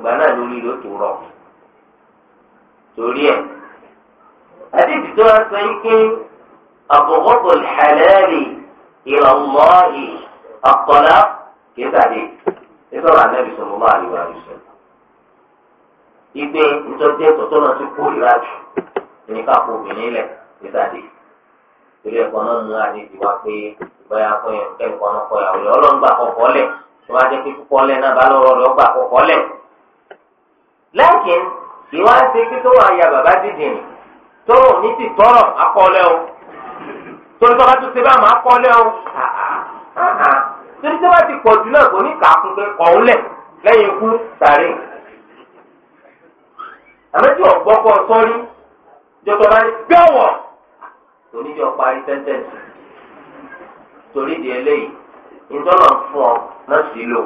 ìgbà náà lórí rẹ̀ ó tó rọ̀ torí ẹ̀ àdébì tó wá sọ yìí pé àbọ̀wọ́bọ̀ ìhàlẹ́rì ìrànlọ́ ọ̀pọ̀lá kìí sàdé nítorí ànábì sọ̀rọ̀ máa rí wa rí sọ. ìgbé nítorí ẹ̀tọ́ tó náà ti kó ìrà jù ní ká kó obìnrin lẹ̀ kìí sàdé torí ẹ̀kọ́ náà mú àdébì wá pé bóyá fún ẹ̀kọ́ náà kọ́ ìyàwó rẹ̀ ọlọ́ngbà kọ̀ọ̀kọ́ lẹ̀ tó bá jẹ́ pé kúkọ́ lẹ̀ náà bá lọ́rọ̀ rẹ̀ ọgbà kọ̀ọ̀kọ́ lẹ̀. lẹ́kìn ìwà ń ṣe kí tó ya bàbá dídìn tó ní ti tọrọ akọọlẹ o torí tó ṣe bá máa kọọlẹ o torí tó bá ti pọ̀ jù náà kò ní kàákùn pé ọ̀hún lẹ̀ lẹ́yìn ikú sàárè àmọ́tí ọ̀gbọ́kọ̀ sọ́rí bá ní gbẹ́wọ̀ torí parí di eléyìí fún ọ náà sí lò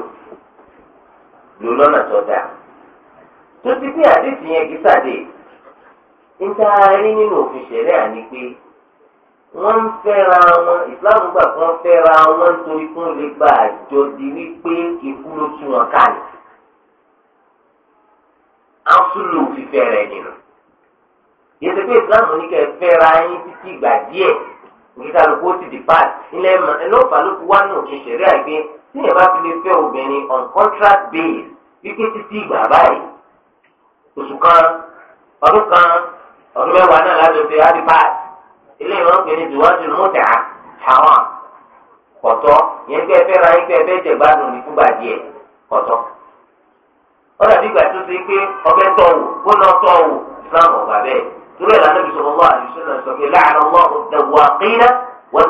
lò lọ́nà tó ti pé àdéhùn yẹn kì í sàdé níta rí nínú òfin ṣẹlẹ̀ àní pé wọ́n ń fẹ́ra wọn ìsìláàmù gbà kí wọ́n fẹ́ra wọn nítorí kí wọ́n lè gba àjọ di wípé ikú ló tún wọn káàlì asúlù fífẹ́ rẹ̀ nínú yẹtẹ pé ìsìláàmù ní kẹ́ fẹ́ra yín títí ìgbà díẹ̀ ìgbésàlùkù ó ti di pa ilẹ̀ ẹlọ́fà ló ti wá nù ní ṣẹ̀rí àgbẹ̀ tí yẹn bá fi lè fẹ́ obìnrin on contract base wípé títí ìgbà báyìí oṣù kan ọdún kan ọdún mẹ́wàá náà láti fi adipad ilé ìwọ̀n pè ní ìdíwájú múdà àwọn kọ̀tọ́ yẹn pé ẹfẹ́ ra yín pé ẹfẹ́ jẹ̀gbádùn ní fúgbà díẹ̀ kọ̀tọ́. wọ́n dàbí ìgbà tó ṣe pé ọbẹ̀ tọ̀ wò kó lọ tọ̀ wò islam ọ̀gá bẹ́ẹ̀ torí ẹ̀ lànà bisọ̀ lọ́wọ́ àdìsọ́ náà sọ pé láàrin ọlọ́run dẹ̀wọ̀ àkínná wọ́n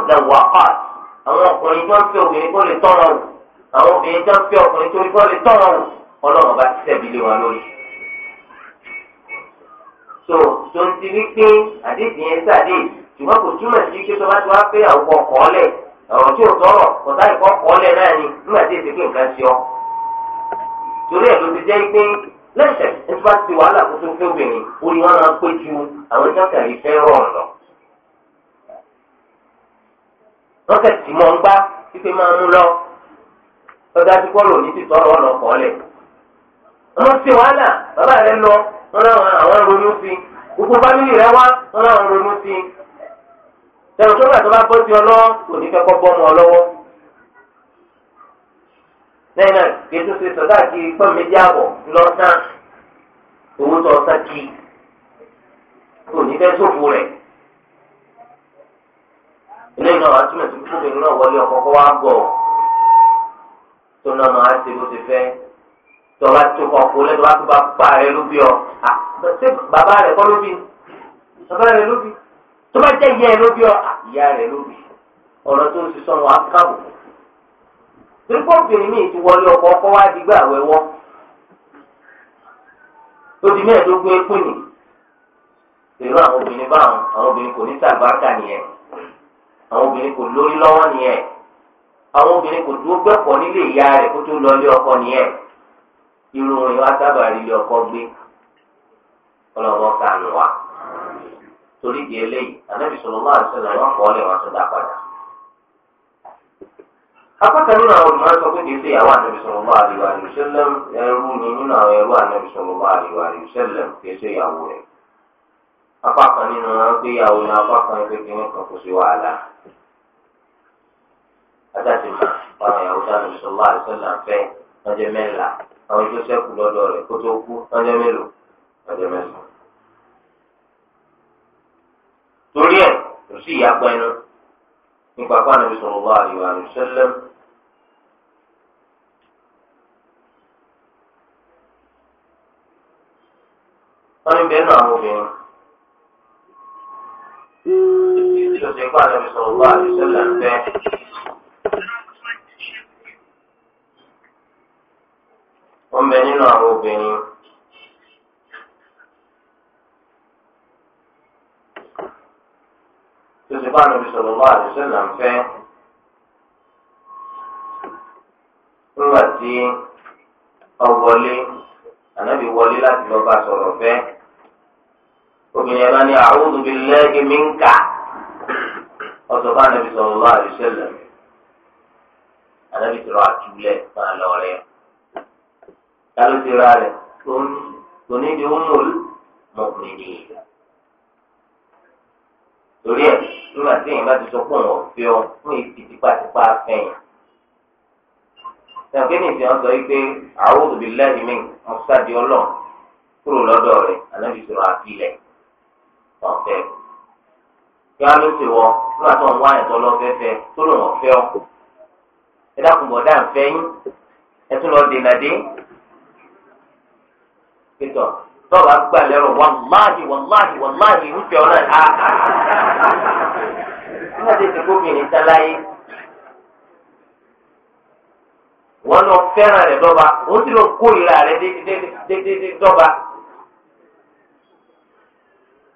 so so ń ti wípé àdéhùn yẹn sàdé ṣùgbọ́n kò túmọ̀ sí pé tó ti wá pé ọ̀rọ̀ tí ò tọrọ kò sáyé kọ́ kọ́ọ́lẹ̀ ni nígbà tí èsì nǹkan ṣe ọ́ torí ẹ̀ ló ti jẹ́ pé lẹ́sẹ̀ bá ti wàhálà kó tó fẹ́ obìnrin wọn àwọn lọ. wọ́n kẹ̀ mọ́ ń títí máa mú lọ tí kọ́ọ̀lù ní ti tọrọ ọ̀nà kọ́ọ́lẹ̀. wọ́n bàbá lọ wọn láwọn àwọn ronú sí gbogbo fámìlì rẹ wá wọn láwọn ronú sí tẹ̀wọ̀n tó bá tó bá bọ́ sí ọ lọ́wọ́ kò ní kẹ́kọ̀ọ́ bọ́ ọmọ lọ́wọ́ lẹ́yìn náà kí ètò ṣe sọ̀dá kí pọ́n méjì àbọ̀ lọ́sàn owó tó ọ̀sán kí kò ní fẹ́ sófo rẹ̀ eléyìí náà wàá túmọ̀ sí kókòrò náà wọlé ọkọ̀ kọ́ wá gbọ̀ tó náà máa ṣe bó ṣe fẹ́ tọba tó kọ kó lẹ́tọ́ bá tó bá pa rẹ lóbi ọ ṣé bàbá rẹ kọ́ lóbi bàbá rẹ lóbi tó bá jẹ́ ìyá rẹ lóbi ọ ìyá rẹ lóbi ọ̀rọ̀ tó ń sọ wọn á káàbò torí pọ́ǹpìnrin míì ti wọlé ọkọ̀ ọkọ̀ wá di gbà wẹ́wọ́ ó di mẹ́ẹ̀ẹ́dógún ẹ̀pìn ni pẹ̀lú àwọn obìnrin báwọn àwọn obìnrin kò ní sàgbárkà nìyẹn àwọn obìnrin kò lórí lọ́wọ́ nìyẹn àwọn obìnrin kò dúró gbẹ́kọ̀ọ́ nílé ìyá rẹ̀ kó tó lọ ilé ọkọ nìyẹn. irú rẹ̀ wá dábàá rí ọkọ gbé ọlọ́wọ́ sànù wa torí di eléyìí ànábì sọ̀rọ̀ máa ń sẹ́lẹ̀ wọ́n kọ́ ọ́ lẹ̀ wọ́n tún dá padà. apákan nínú àwọn olùmọ̀ sọ pé kì í ṣe ìyàwó máa rí wa rí ẹrú ni nínú àwọn ẹrú máa rí wa rí apákan nínú wọn apákan kí ọjọ́ mẹ́la àwọn tó ṣẹ́kù lọ́dọ̀ rẹ̀ kó tó kú ọjọ́ mélòó ọjọ́ mẹ́sàn torí ẹ̀ kò sí ìyapa ẹnu nípa pé Ànábì sallallahu alaihi wasallam. wọ́n ní bẹ́ẹ̀ náà àwọn obìnrin tó ṣe pé Ànábì wọ́n bẹ nínú àwọn obìnrin. tó ti bá ànábi sọ̀rọ̀ lọ́wọ́ àdìsẹ́ là ń fẹ́. nígbà tí ọ̀wọ́lé ànábi wọlé láti lọ́ọ́ bá sọ̀rọ̀ fẹ́. obìnrin ẹ̀ bá ní a'udhu billahi minka. ọ̀sọ̀ bá ànábi sọ̀rọ̀ lọ́wọ́ àdìsẹ́ là. síra rẹ̀ tó ní di umul mọ̀kùnrin torí ẹ̀ nígbà tí èèyàn bá ti sọ pé òun ọ̀fẹ́ ọ fún ìfi tipátipá fẹ̀yìn. Ṣàǹkẹ́ ní ìfihàn sọ wípé a'udhu billahi min mọ́ṣáàdì ọlọ́run kúrò lọ́dọ̀ rẹ̀ ànábì sọ̀rọ̀ àfilẹ̀ ọ̀fẹ́. Kí wọ́n ló ti wọ nígbà tó ń wá ẹ̀tọ́ lọ fẹ́fẹ́ tó lòun ọ̀fẹ́ ọkọ̀. Ẹ dákun bọ̀ dáǹfẹ́ yín ẹ tún lọ dènà dé pétọ tọba gbà lẹrọ wàláhì wàláhì wàláhì wújọ náà á ní wọn ti ti gómìnà sáláyé wọn lọ fẹ́ràn rẹ dọba wọn ti lọ kórìíra rẹ dédédé dọba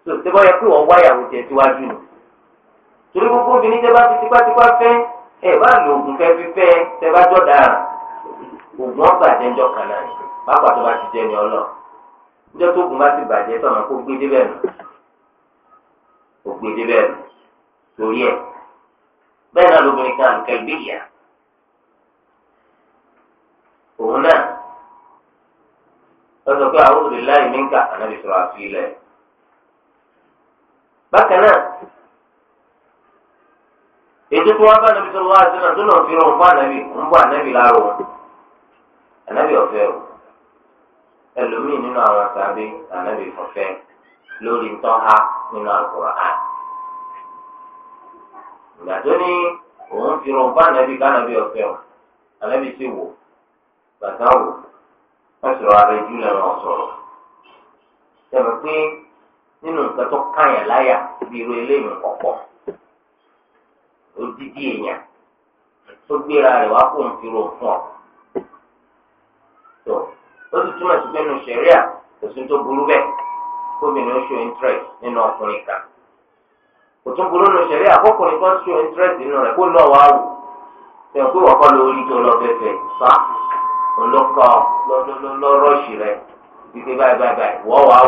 tó sẹbọ yẹ pé wọn wáyàwó jẹ síwájú nù torí gbogbo obìnrin tẹ bá fi tipátipá fẹ́ ẹ bá lo oògùn fẹ́ fífẹ́ tẹ bá jọ dára oògùn ọgbà jẹjọ kan náà pápá tó bá ti jẹ ní ọlọ níjọ́ tó gùn bá ti bàjẹ́ sọ̀nà kó gbé débẹ̀ nù kó gbé débẹ̀ nù torí ẹ̀ bẹ́ẹ̀ náà lóbìnrin kan àlùkẹ́ gbé yà òun náà lọ́sọ̀ pé àwọn òbí láì mí ń kà ànábì sọ̀rọ̀ àfi ilẹ̀ bákan náà ètò tí wọn bá ànábì sọ̀rọ̀ wá sí náà tó náà fi rọrùn fún ànábì ń bọ ànábì láàrọ̀ ànábì ọ̀fẹ́ o ẹlòmíì nínú àwọn sàbí ànábì fúnfẹ́ lórí ntọ́ha nínú Al-Qur'an. ìgbà tó ní òun fi rọ̀bá ànábì kánábì ọ̀fẹ́ o ànábì sì wò bàtà wò wọ́n sọ̀rọ̀ ara ẹjú lẹ́nu ọ̀sọ̀rọ̀. sẹ́mi pé nínú nǹkan tó káyàn láyà bí irú eléyìí ọ̀pọ̀ odidi èèyàn tó gbéra rẹ̀ wá kó ń fi rò fún ọ. ó ti túmọ̀ sí pé nu sẹ̀ríà kò tó burú bẹ́ẹ̀ kóbìnrin ó ṣe interest nínú ọkùnrin kan kò tún burú nu sẹ̀ríà kókùnrin kan ṣe interest nínú rẹ̀ kó náà wá wò ṣe pé wọ́n kọ́ lórí tó lọ fẹ́fẹ́ fa olókọ́ lọ́rọ́ọ̀ṣì rẹ̀ gbígbé báyìí báyìí báyìí wá wò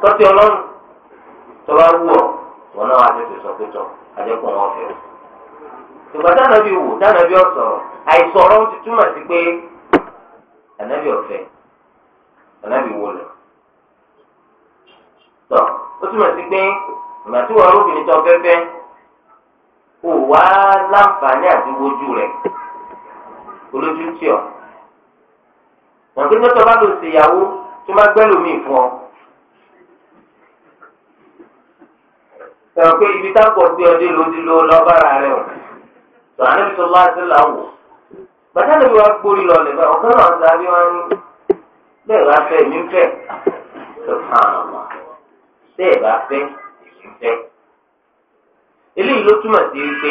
tọ́tí ọlọ́run tó bá wù ọ́ wọn náà wá tètè sọ pé tọ́ àjẹkùn wọn fẹ́ ìgbà wò ọ̀sọ̀rọ̀ àìsọ̀rọ̀ ti túmọ̀ sí pé ọ̀fẹ́ ànábì wò lọ. tọ́ ó túmọ̀ sí pé ìgbà tí wọ́n arúgbìn tó fẹ́fẹ́ kò wá láǹfààní àti wojú rẹ̀ olójú tì ọ́. wọ́n tó tọ́tọ́ bá lò sí ìyàwó tó má gbẹ́lòmíì fún ọ. sọ̀rọ̀ pé ibi táàpọ̀ gbé ọdẹ lòdì ló lọ́bàrà rẹ̀ o sọ̀rọ̀ àná bisọ̀ lọ́wọ́ àti làwọ̀ bàtà lè wá gbórí lọ lẹ́gbẹ̀ẹ́ ọ̀kan náà sábẹ́ wọn ní bẹ́ẹ̀ bá fẹ́ mi fẹ́ sọ̀tàmà bẹ́ẹ̀ bá fẹ́ mi fẹ́. eléyìí ló túmọ̀ sí pé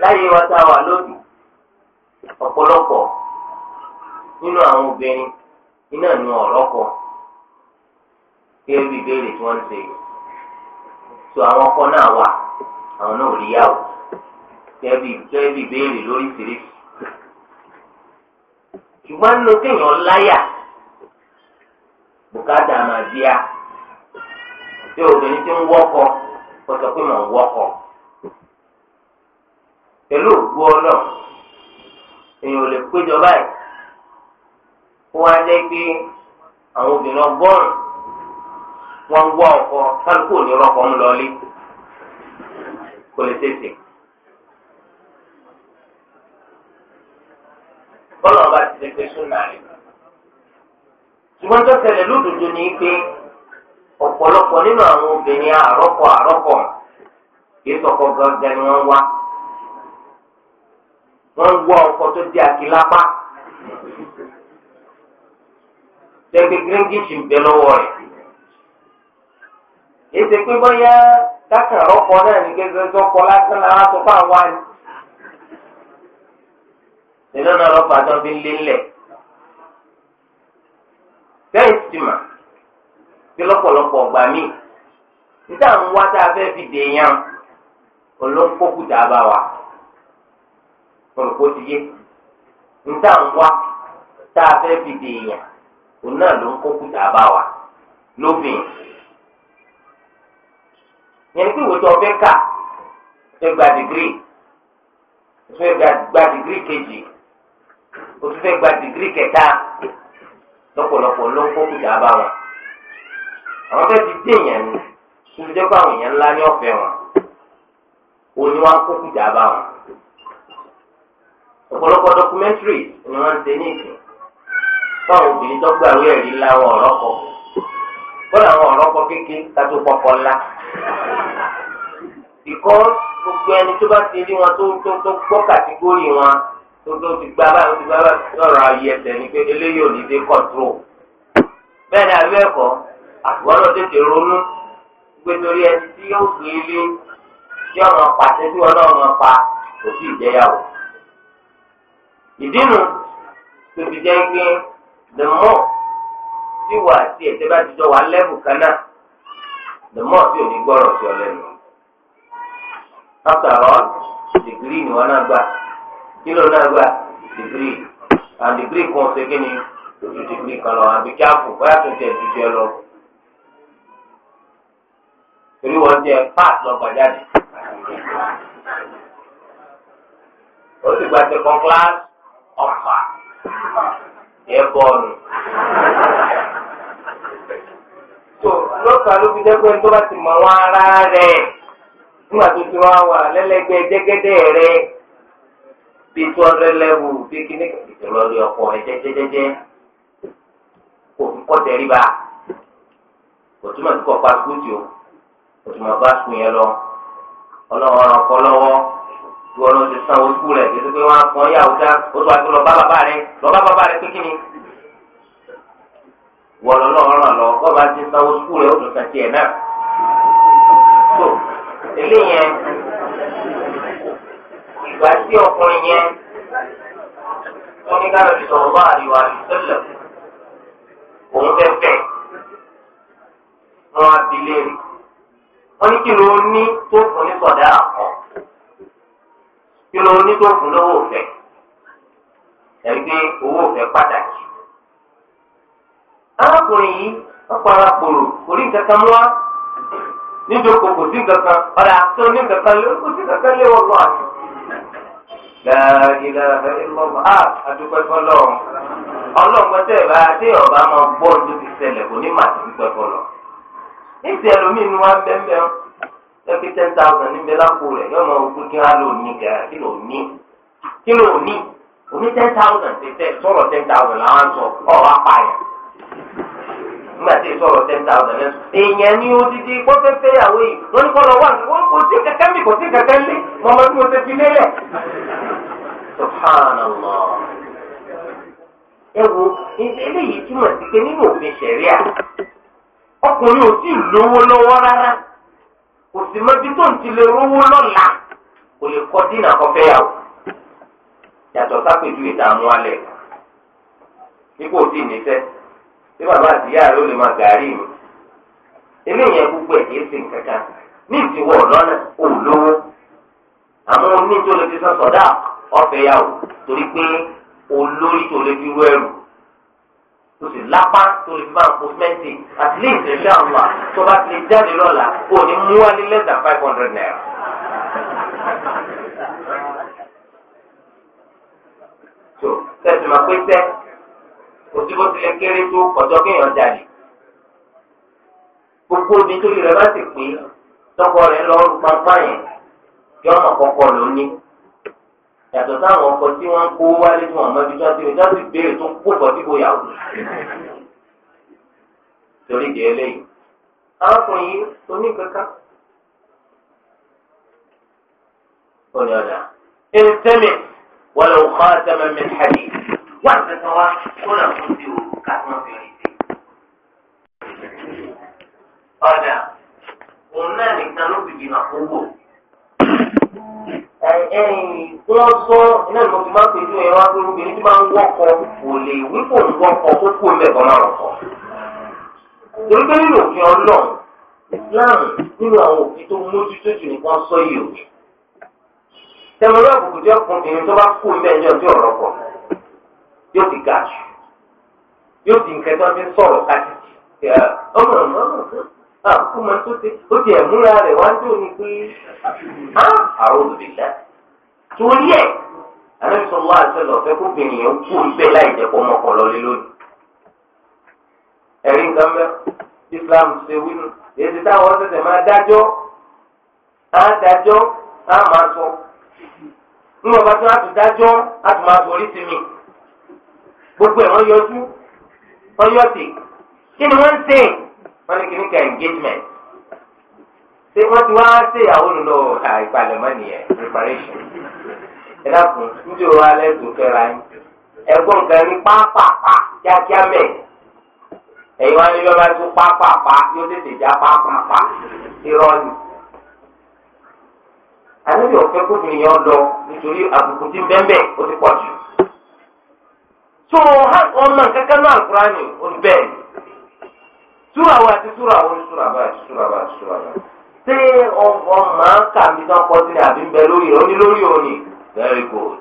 láyé wa tá a wà lónìí ọ̀pọ̀lọpọ̀ nínú àwọn obìnrin iná ni ọ̀rọ̀ kọ kéèbì béèrè tí wọ́n ń ṣe tó àwọn ọkọ náà wà àwọn náà ò rí yàwó kéèbì béèrè lóríṣiríṣi ṣùgbọ́n nínú kéèyàn láyà bùkátà máa bíà tí obìnrin ti ń wọ́kọ kó sọ pé mò ń wọ́kọ pẹ̀lú ògbó ọlọ́ èèyàn ò lè péjọ báyìí kó wá jẹ́ pé àwọn obìnrin ọgọ́rùn-ún wọ́n ń wọ́ ọkọ kálukú ò ní rọ́pọ̀ ń lọlé kò lè tètè. bọ́lá ọba ti lè pe súnà rẹ̀. ṣùgbọ́n tó tẹ̀lé lódodo ni pé ọ̀pọ̀lọpọ̀ nínú àwọn obìnrin kìí sọ̀kọ̀ ni wọ́n wá. wọ́n wá ọkọ̀ tó di àkìlápá. tẹ̀gbẹ́ ń bẹ lọ́wọ́ rẹ̀. pé bọ́yá náà ní gẹ́gẹ́ tó wá nínú náà lọ́pàá tán fi ń lé ńlẹ̀. bẹ́ẹ̀ sì mà bí lọ́pọ̀lọpọ̀ ọ̀gbà míì níta ń wá tá a fẹ́ fi dèèyàn olóńkókùtà bá wa olùkó ti yé níta ń wá tá a fẹ́ fi dèèyàn òun náà ló ń kókùtà bá wa lófin yẹn kí ìwé ọbẹ̀ kà fẹ́ gba dìgírì fẹ́ gba dìgírì kejì o tún fẹ́ gba dìgírì kẹta lọ́pọ̀lọpọ̀ ló ń kó kùjà bá wọn àwọn fẹ́ẹ́ ti dé èèyàn ni tó fi jẹ́ pé àwọn èèyàn ńlá ní ọ̀fẹ́ wọn òní wọn kó kùjà bá wọn ọ̀pọ̀lọpọ̀ dọkumẹ́ntìrì ni wọ́n ń ṣe ní ìsìn fáwọn obìnrin tó gbà wí ẹ̀rí ńlá wọn ọ̀rọ̀ kọ àwọn ọ̀rọ̀ kéke kátó kọ́kọ́ ńlá because gbogbo ẹni tó bá ti rí wọn tó tó tó gbọ́ kàtígórì wọn tó ti gba báyìí ó ti gba báyìí lọ́rọ̀ ayé ẹsẹ̀ ni pé eléyìí ò ní dé kọ́ńtró. bẹ́ẹ̀ ni àbí ẹ̀kọ́ àtùwọ́n náà tètè ronú pé torí ẹni tí yóò gbé ilé tí ọ̀nà pàṣẹ tí wọn náà mọ̀ pa kò sí ìjẹyàwó. ìdínú tó fi jẹ́ pé the more tí wà sí ẹ̀sẹ̀ bá ti jọ wà lẹ́bù kan náà the more tí ò ní gbọ́rọ̀ sí ọ lẹ́nu. after all degree ni wọ́n náà gbà kí ló náà gbà dìgírì àwọn dìgírì kan ṣe ni ojú dìgírì kan lọ àbí káfù bóyá tó jẹ ju jẹ lọ torí wọn jẹ pass lọ gbàjáde ó sì gba second class ọ̀fà ẹ bọ́ọ̀lù tó lọ́kàá ló fi jẹ́ pé tó bá ti mọ̀ wọn ara rẹ̀ nígbà tó ti wá wà lẹ́lẹ́gbẹ́ jẹ́gẹ́dẹ́ rẹ̀ bíi two hundred level bíi kíní ìjọba lórí ọkọ rẹ jẹjẹjẹjẹ kò fi kọ́ tẹríba kò túmọ̀ sí kọ́ pa skúùtì o kò túmọ̀ bá skúù yẹn lọ ọlọ́wọ́ ọ̀ràn kọ́ lọ́wọ́ bí wọ́n ti san owó skúù rẹ̀ kí pé wọ́n á kàn yà ọ̀dà ó sọ àti lọ́ba bàbá rẹ lọ́ba bàbá rẹ pé kíni wọ́n lọ́ ọ̀ràn lọ bọ́ba ti san owó skúù rẹ̀ ó tún san tiẹ̀ náà tó eléyẹn. ìgbà tí ọkùnrin yẹn sọ̀rọ̀ bá àríwá àríṣẹ́lẹ̀ òun fẹ́ fẹ́ wọn wọn ní kí ló ní tó fún ní sọ̀dá kí ló ní tó fún lówó fẹ́ ẹ̀rí pé owó fẹ́ pàtàkì arákùnrin yìí wọ́n para kpòrò láàgìlà ìlọ́mọ ah, a adúpẹ́ fọlọ́ ọlọ́ngbọ́tẹ̀ bá dé ọba máa gbọ́ tó ti ṣẹlẹ̀ kò ní màtí dúpẹ́ fọlọ́ níbi ẹlòmíín ni wọ́n bẹ́ẹ̀ ẹbí ten thousand níbẹ̀ lápò rẹ̀ yọ ọmọ ogun kí wọ́n lò ní gàrà kí ló ní kí ló omi ten thousand ti tẹ̀ sọ̀rọ̀ ten thousand làwọn sọ ọ̀ wá pààyàn. nígbà tí ìsọ̀rọ̀ ten thousand lẹ́sùn. èèyàn ni odidi kọ́fẹ́ fẹ́yàwó yìí wọ́n ní kọ́ lọ wá nǹkan wọ́n kò sí mi kò sí kẹ̀kẹ́ lé mọ́mọ́ tí mo ti fi lélẹ̀. ẹ wo eléyìí túmọ̀ sí pé nínú òfin ṣẹ̀ríà ọkùnrin ò tí ì lówó lọ́wọ́ rárá kò sì tó ń ti lè rówó lọ́la kò bí bàbá àti ìyá rẹ ó lè máa gàárì mi eléyìí ẹ gbogbo ẹ kì í sìn kankan ní ìtiwọ lọ́nà òlówó àmọ́ oní tó lè fi sọ sọdá ọ̀fẹ́ yà wò torí pé olórí tó lè fi rú ẹrù tó sì lápá tó lè fi máa kó sẹ́ńtì àti ní ìṣẹ̀ṣẹ̀ àwọn tó bá ti lè jáde lọ́la kò ní mú wá ní less than five hundred naira. tó tẹ̀sí ma pé sẹ́ẹ̀ òtí bó tilẹ̀ kéré tó kọjọ́ kéèyàn jáde gbogbo omi tó yẹrẹ bá ti pé tọkọ rẹ lọ rú pampa yẹn yọ ọmọ kọkọ ló ní yàtọ̀ sáwọn ọkọ tí wọ́n ń kó wálé fún ọmọ ibi tó ti rìn tó ti béèrè tó ń kó bọ̀ síbò yàwó torí di eléyìí arákùnrin yìí oníkankan ó ní ọ̀dà ẹ tẹ́lẹ̀ wọlé òkú àtẹmẹ́mẹ́ hàdí. wá ìfẹsọ̀ wa kó nà fún sí o káàtó wọn fi rìn sí. ọ̀dà òun náà nìkan ló bìbí mà kó wò. wọ́n sọ iná ìmọ̀ tí máa ń pèjú ẹ̀ wá pé obìnrin tí máa ń wọ́kọ̀ kò lè wí kò ń wọ́kọ̀ ń máa rọ̀kọ̀. torí pé nínú òfin o. jẹ́ ọkùnrin tó bá ń yóò fi ga jù yóò di nǹkan tó fi ń sọ̀rọ̀ kájíjì ọmọ ọmọ ọmọ àkókò máa tó ṣe ó ti ẹ̀múra rẹ̀ wá ní òní pé àwọn ah, olùdíjà torí ẹ̀ àlẹ́sọ̀ wá àtẹlẹ̀ ọ̀fẹ́ kó bìnrin yẹn kú ibẹ̀ láì jẹ́ kó mọ́kàn lọ́lé lónìí. Islam ṣe wínú èyí táwọn ọ̀sẹ̀sẹ̀ máa dájọ́ á dájọ́ á máa sọ níwọ̀n bá tó á tún dájọ́ á tún máa sọ orí sí mi gbogbo ẹ̀ wọ́n yọjú wọ́n yọtì kí ni wọ́n ń sìn wọ́n ní kíníkà engagement ṣé wọ́n ti wá ṣe ìyàwó lọ ìpalẹ̀mọ́ nìyẹn preparation ẹ dákun níbi òwò alẹ́ tó fẹ́ra yín ẹ̀gbọ́n nǹkan ní pápápá kíákíá mẹ́ ẹ̀yin wá ní lọ́ba tó pápápá yóò tètè já pápápá irọ́ ni àlejò ọ̀fẹ́ kóbìnrin yẹn lọ nítorí àbùkù tí bẹ́ẹ̀ bẹ́ẹ̀ ó ti pọ̀ jù. tó ọmọ kankan náà alukurani òní bẹ́ẹ̀ ni súra wo àti súra wo súra bá àti súra bá àti súra bá ṣé ọmọ máa ń kà mí tán pọ́ sílẹ̀ àbí ń bẹ lórí rẹ̀ ó ní very good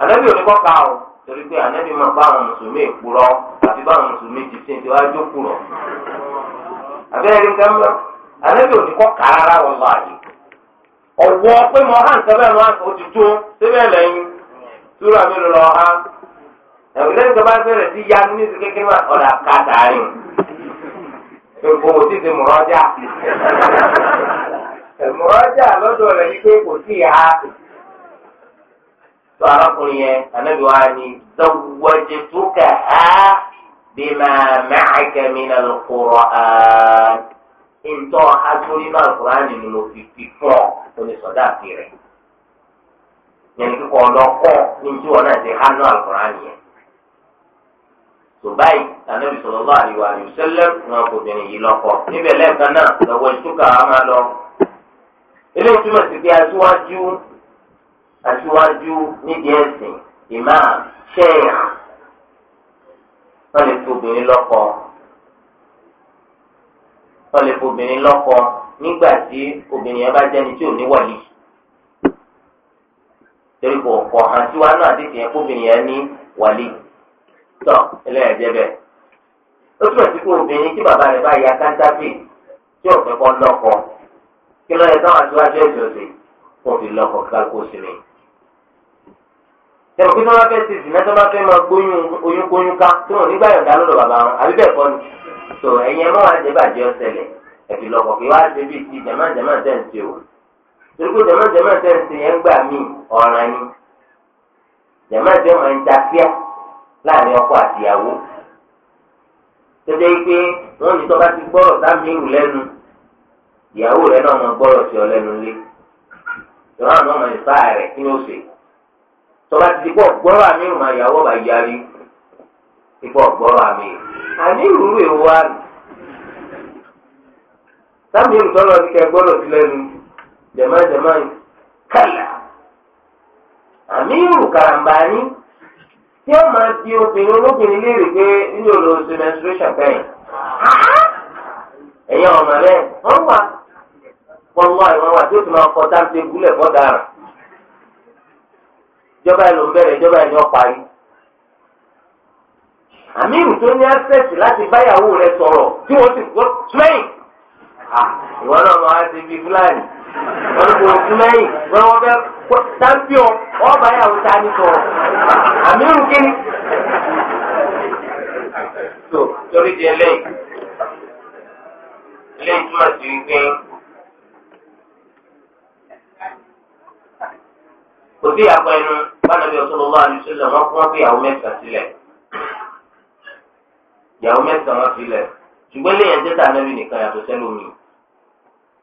ànábì òní kọ́ ka o torí pé ànábì máa bá àwọn mùsùlùmí ìkpúrọ̀ àti bá àwọn mùsùlùmí jìbìtì tí wọ́n á jókòó rọ̀ àbẹ́rẹ́ nǹkan mọ́ ànábì òní kọ́ ka rárá pé súrà mélòó lọ ha ẹ̀wọ̀n lẹ́yìn tó bá bẹ̀rẹ̀ sí yanu ní ìsìn kékeré wọn ọ̀dà kàtà rí kò tí ì ti mùrọ́jà mùrọ́jà pé kò ha tó arákùnrin yẹn wa ni tó kà á náà ha fi fi fún ọ yẹn ti kọ́ ọlọ́kọ́ ní tí wọn náà ti hánú àlùkùrán yẹn. tòbáyì ànábì sallallahu alaihi wa sallam wọn kò bìnrin yìí lọ́kọ níbẹ̀ lẹ́ẹ̀kan náà lọ́wọ́ ìtúkà á máa lọ. eléyìí túmọ̀ sí pé aṣíwájú aṣíwájú nídìí ẹ̀sìn imam sheikh wọ́n lè fi obìnrin lọ́kọ wọ́n lè fi obìnrin lọ́kọ nígbà tí obìnrin yẹn bá jẹ́ni tí ò ní wọ̀lì torí kò kọ̀ hàn tí wàá náà àdéhùn yẹn kóbìnrin yẹn ní wàlí tọ́ ẹlẹ́yìn jẹ́ bẹ́ẹ̀. ó túmọ̀ sí pé obìnrin tí bàbá rẹ̀ bá ya kántáfì tí òfin kan lọ́kọ kí ló yẹ táwọn aṣáájú ẹ̀sìn òsè kò fi lọ́kọ kálukó sí mi. tẹ̀wọ̀n pé tí wọ́n fẹ́ ti sìn náà tí wọ́n fẹ́ máa gbóyún oyún kóyún ká tí wọ́n nígbà yọ̀ǹda lọ́dọ̀ bàbá wọn àbí bẹ́ẹ̀ kọ́ ni. tó ẹ̀yin ẹ̀ mọ́ wá jẹ́ bàjẹ́ ọ̀sẹ̀ lẹ̀ ẹ̀fìn lọ́kọ̀ kí wọ́n á ṣe bíi ti jẹ̀májẹ̀má torípé jẹmọjẹmọ tẹsí yẹn gbà mí ọ̀ràn ni jẹmọjẹmọ ń jafíà láàrin ọkọ àtìyàwó tẹtẹ pé wọn ní tọba ti gbọ́rọ̀ sámi ìrù lẹ́nu ìyàwó rẹ̀ náà mọ gbọ́rọ̀ sí ọ lẹ́nu lé ìwọ àwọn ọmọ ìfá rẹ kí ló ṣe tọba ti di pọ gbọ́rọ̀ àmì ìrù máa yàwó bá yarí ipò gbọ́rọ̀ àmì ìrù àmì ìrù rè wá sámi ìrù tọ́lọ́ ti kẹ gbọ́rọ̀ sí lẹ́nu jẹ̀mọ́jẹ̀mọ́ kàlà àmírù karambani tí ó máa di obìnrin olóbìnrin léèrè pé nínú òòlù oṣù menstruation bẹ́ẹ̀ ẹ̀yin ọ̀nà rẹ̀ wọ́n wà wọ́n wà ìwọ̀n wà tí ó ti máa kọ táǹtẹ̀ gúlẹ̀ fọ́dàrà ìjọba ẹ̀ ló ń bẹ̀rẹ̀ ìjọba ẹ̀ ni ó parí àmírù tó ní access láti báyàwó rẹ̀ sọ̀rọ̀ tí wọ́n ti gbọ́ train ìwọ náà máa ti fi fúlàní wọn kò tún lẹ́yìn wọn wọn bẹ champion wọn bá yàwó ta ni sọ̀rọ̀ àmírù kí. tó torí di eléyìí eléyìí túmọ̀ sí wípé kò sí ìyàpọ̀ ẹnu bánàbí sallallahu alaihi wasallam wọn kún wọn fi ìyàwó mẹ́sàn-án sílẹ̀ ìyàwó mẹ́sàn-án wọn ṣùgbọ́n eléyìí ẹ̀ anábì nìkan yàtọ̀ sẹ́lómi.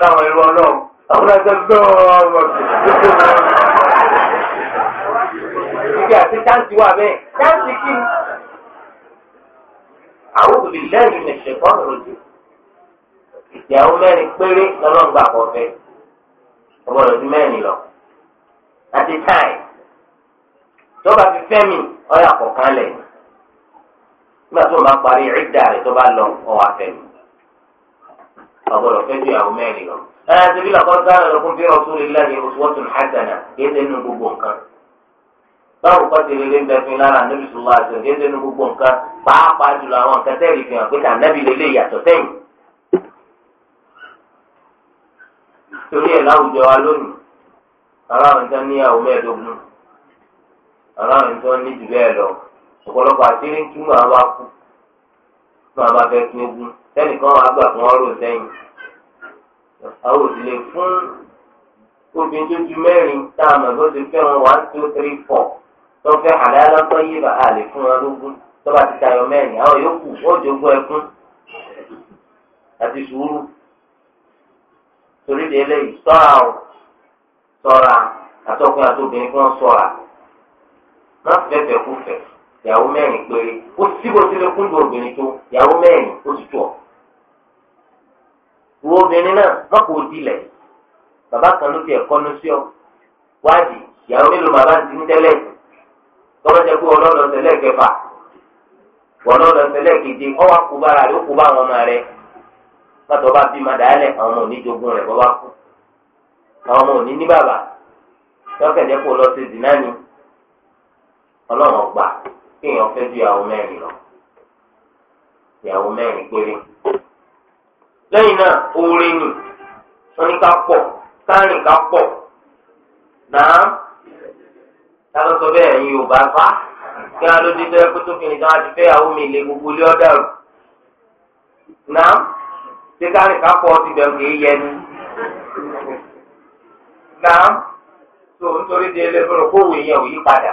táwọn irú ọlọ́run àwọn ẹgbẹ́ gbọ́ọ̀rọ̀ ìgbé àti táǹtì wà bẹ́ẹ̀ táǹtì kí ni. àwọn òbí lẹ́yìn lè ṣe fọ́ọ̀nù lójú ìyàwó mẹ́rin péré lọ́lọ́gbà pọ̀ bẹ́ẹ̀ ọgbọ́dọ̀ ju mẹ́rin lọ àti táì tọ́ba fi fẹ́mi ọ̀yà kọ̀ọ̀kan lẹ̀ nígbà tó o máa parí ìdá rẹ̀ tó bá lọ ọ̀wà fẹ́mi. ọ̀gbọ́dọ̀ fẹ́ ju ìyàwó mẹ́rin lọ. ẹ ṣe bí lọ́kọ́ sáré lọ́kùn fi rasulillahi uswatun hasana yéé nu gbogbo nǹkan. báwo kọ́ ti lélẹ́ bẹ́ẹ̀ fi lára níbi sùlọ́ àti yéé nu gbogbo nǹkan pàápàá jùlọ àwọn nǹkan tẹ́rì fi hàn pé tà nábì lélẹ́ yàtọ̀ sẹ́yìn. torí ẹ̀ láwùjọ wa lónìí aláwọn tó ní ìyàwó sẹ́nìkan kan gbà fún ọrùn sẹ́yìn àwọn òsìlè fún obìnrin tó ju mẹ́rin tá a mọ̀ tó ti fẹ́ wọn one two three four tó fẹ́ àdáyàlá tó yé lè fún wọn lógún tó bá ti tayọ mẹ́rin àwọn yòókù jogún ẹkún àti sùúrù torí délé ìṣọ́ra o ṣọ́ra àtọkùn àtobìnrin ìyàwó mẹ́rin péré ó síbò sílé kúndùn obìnrin tó ìyàwó mẹ́rin ó ti tọ̀. wo obìnrin náà wọ́n kò dilẹ̀ bàbá kan ló ti ẹ̀kọ́ ní sí ọ wádìí ìyàwó mélòó bàbá ti ní tẹ́lẹ̀ tọ́lọ́jẹ́ pé ọlọ́dọ̀ tẹ́lẹ̀ kẹfà ọlọ́dọ̀ tẹ́lẹ̀ keje ọwọ́ kó ó kó bá àwọn ọmọ pàtó bí ma dàálẹ̀ àwọn ọmọ oníjogún bọ́ bá kú kéèyàn fẹ́ ju ìyàwó mẹ́rin lọ ìyàwó mẹ́rin péré. lẹ́yìn náà oore nì wọ́n ká pọ̀ ká pọ̀ náà táwọn bẹ́ẹ̀ ò bá bá kí wọ́n ló dé tó fi nìkan fẹ́ ìyàwó mi lé gbogbo ilé náà ṣé ká pọ̀ ti bẹ̀rù kì í yẹ ni náà tó nítorí di kó yẹn ò yí padà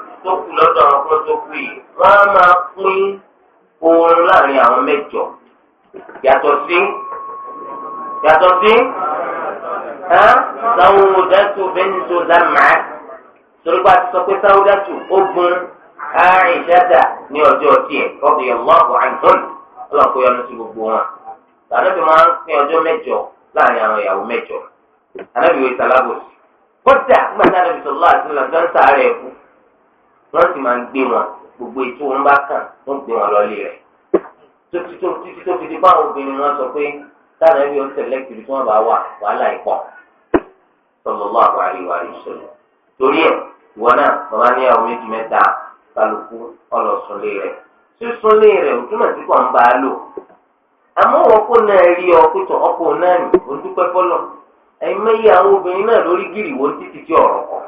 tó kù lọ́dọ̀ àwọn kan tó kù yìí wọ́n á máa pín oorun láàrin àwọn mẹ́jọ yàtọ̀ sí yàtọ̀ sí sáwùdàtù bẹ́ńtò dàmà torípa ti sọ pé sáwùdàtù ogun àìsàdà ní ọjọ́ tiẹ̀ ọ̀bì ọlọ́ọ̀bù àìsàn ọlọ́ọ̀kọ́ yọnu sí gbogbo wọn lànàbí máa ń pín ọjọ́ mẹ́jọ láàrin àwọn ìyàwó mẹ́jọ lànàbí wo ìsàlábòsì kódà gbàdánù bisalòlá àti nàìjíríà ń sàárẹ̀ ẹ̀kú. nwantị sì máa ń gbé wọn gbogbo ètò wọn bá kàn wọ́n gbé wọn lọ́lé rẹ̀ títí títí tó fi di báwọn obìnrin wọn sọ pé táwọn ẹbí ó sẹlẹ̀kì tí bá wà wàhálà wa sallam torí ẹ̀ ìwọ náà bàbá níyàwó méjì mẹ́ta kálukú ọlọ́sùnlé rẹ̀ sísunlé rẹ̀ òtúmọ̀ tí kò ń bá a lò àmọ́ wọn kó náà rí ọ pẹ̀tọ̀ ọkọ̀ náà ní fọlọ́ àwọn obìnrin náà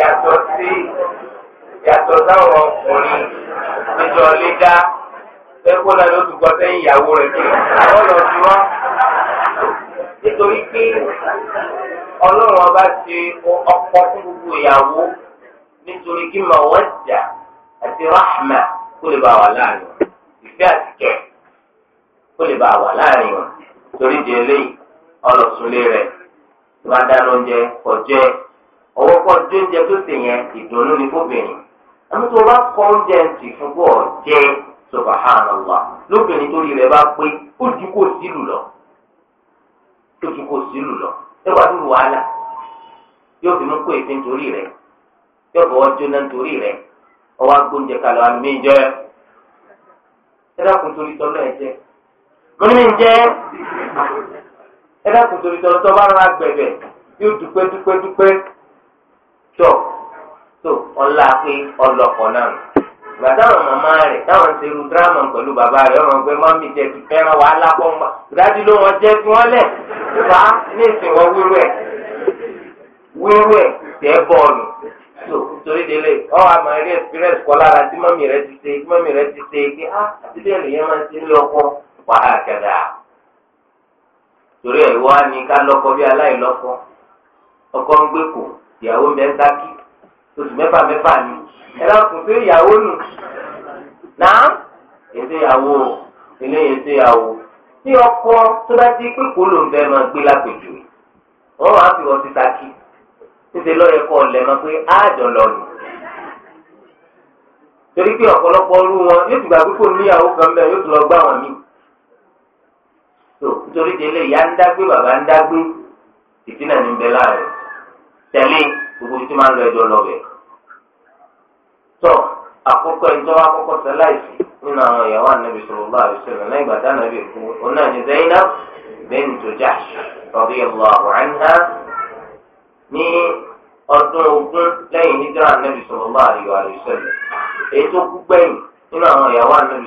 yàtọ̀ sí yàtọ̀ sáwọn ọkùnrin níjọ lédá ẹgbẹ́ náà ló dùgbọ́ sẹ́yìn ìyàwó rẹ̀ kí wọ́n lọ sí nítorí pé ọlọ́run ọba ṣe ọ̀pọ̀ fún gbogbo ìyàwó nítorí kí màwọ́jà àti rahma kó lè bá wà láàrin ìfẹ́ kó lè bá wà láàrin wọn torí àkọ́kọ́ jó oúnjẹ tó sè yẹn ìdùnnú ni fóbìnrin àmì tó bá kọ oúnjẹ ntì fún bọ́ jẹ subhanallah lóbìnrin torí rẹ bá pé ó ju kó sílù lọ ó ju kó sílù lọ ẹ wá dúró wàhálà yóò fi mú kó èéfín torí rẹ yóò fọwọ́ jóná torí rẹ ọwọ́ agbóúnjẹ kalẹ̀ wà jẹ́ ẹ dákun torí jẹ́ mo ní mi jẹ́ ẹ dákun torí tọ́ bá rán agbẹ̀bẹ̀ yóò dúpẹ́ dúpẹ́ dúpẹ́. tó tó ọ̀la pé ọlọ́pọ̀ náà ìgbà táwọn màmá táwọn ti ru dírámà bàbá ọmọ pé mọ́mí jẹ́ ti fẹ́ràn wàhálà pọ́nba ìdájú ló wọn jẹ́ kí wọ́n lẹ̀ bá ní ìsìn wọn wíwú wíwú tó délé ọ eré lára tí ti ṣe ti ṣe ah, á ti ń wàhálà torí ẹ̀ ní ká bí ìyàwó ń bẹ ń dákì oṣù mẹ́fà mẹ́fà ni ẹ lọ́kùn sí ìyàwó nù náà ètò ìyàwó eléyìí ètò ìyàwó tí ọkọ tó bá ti pé kó ló ń bẹ máa gbé lápèjù wọn wàá fi wọn ti dákì títí lọ́yẹ kọ́ ọ̀lẹ́ máa pé áàjọ lọ nù torí pé ọ̀pọ̀lọpọ̀ ọrú wọn yóò ti gbà pípò níyàwó kan bẹ́ẹ̀ yóò ti lọ gbá wọn mí nítorí délé ìyá ń dágbé bàbá ń dágbé ìtínà ní bẹ láàrin. tẹ̀lé gbogbo tí máa ń lọ ẹjọ́ lọ́bẹ̀. tọ́ àkókò ẹjọ́ àkókò sẹ́láìsì nínú àwọn ìyàwó ànábì sallallahu alaihi wasallam lẹ́yìn ìgbà dáná bí kú ọ̀nà ni Zainab bint Jahsh radiyallahu anha ní ọdún ogún lẹ́yìn ànábì gbẹ̀yìn nínú àwọn ìyàwó ànábì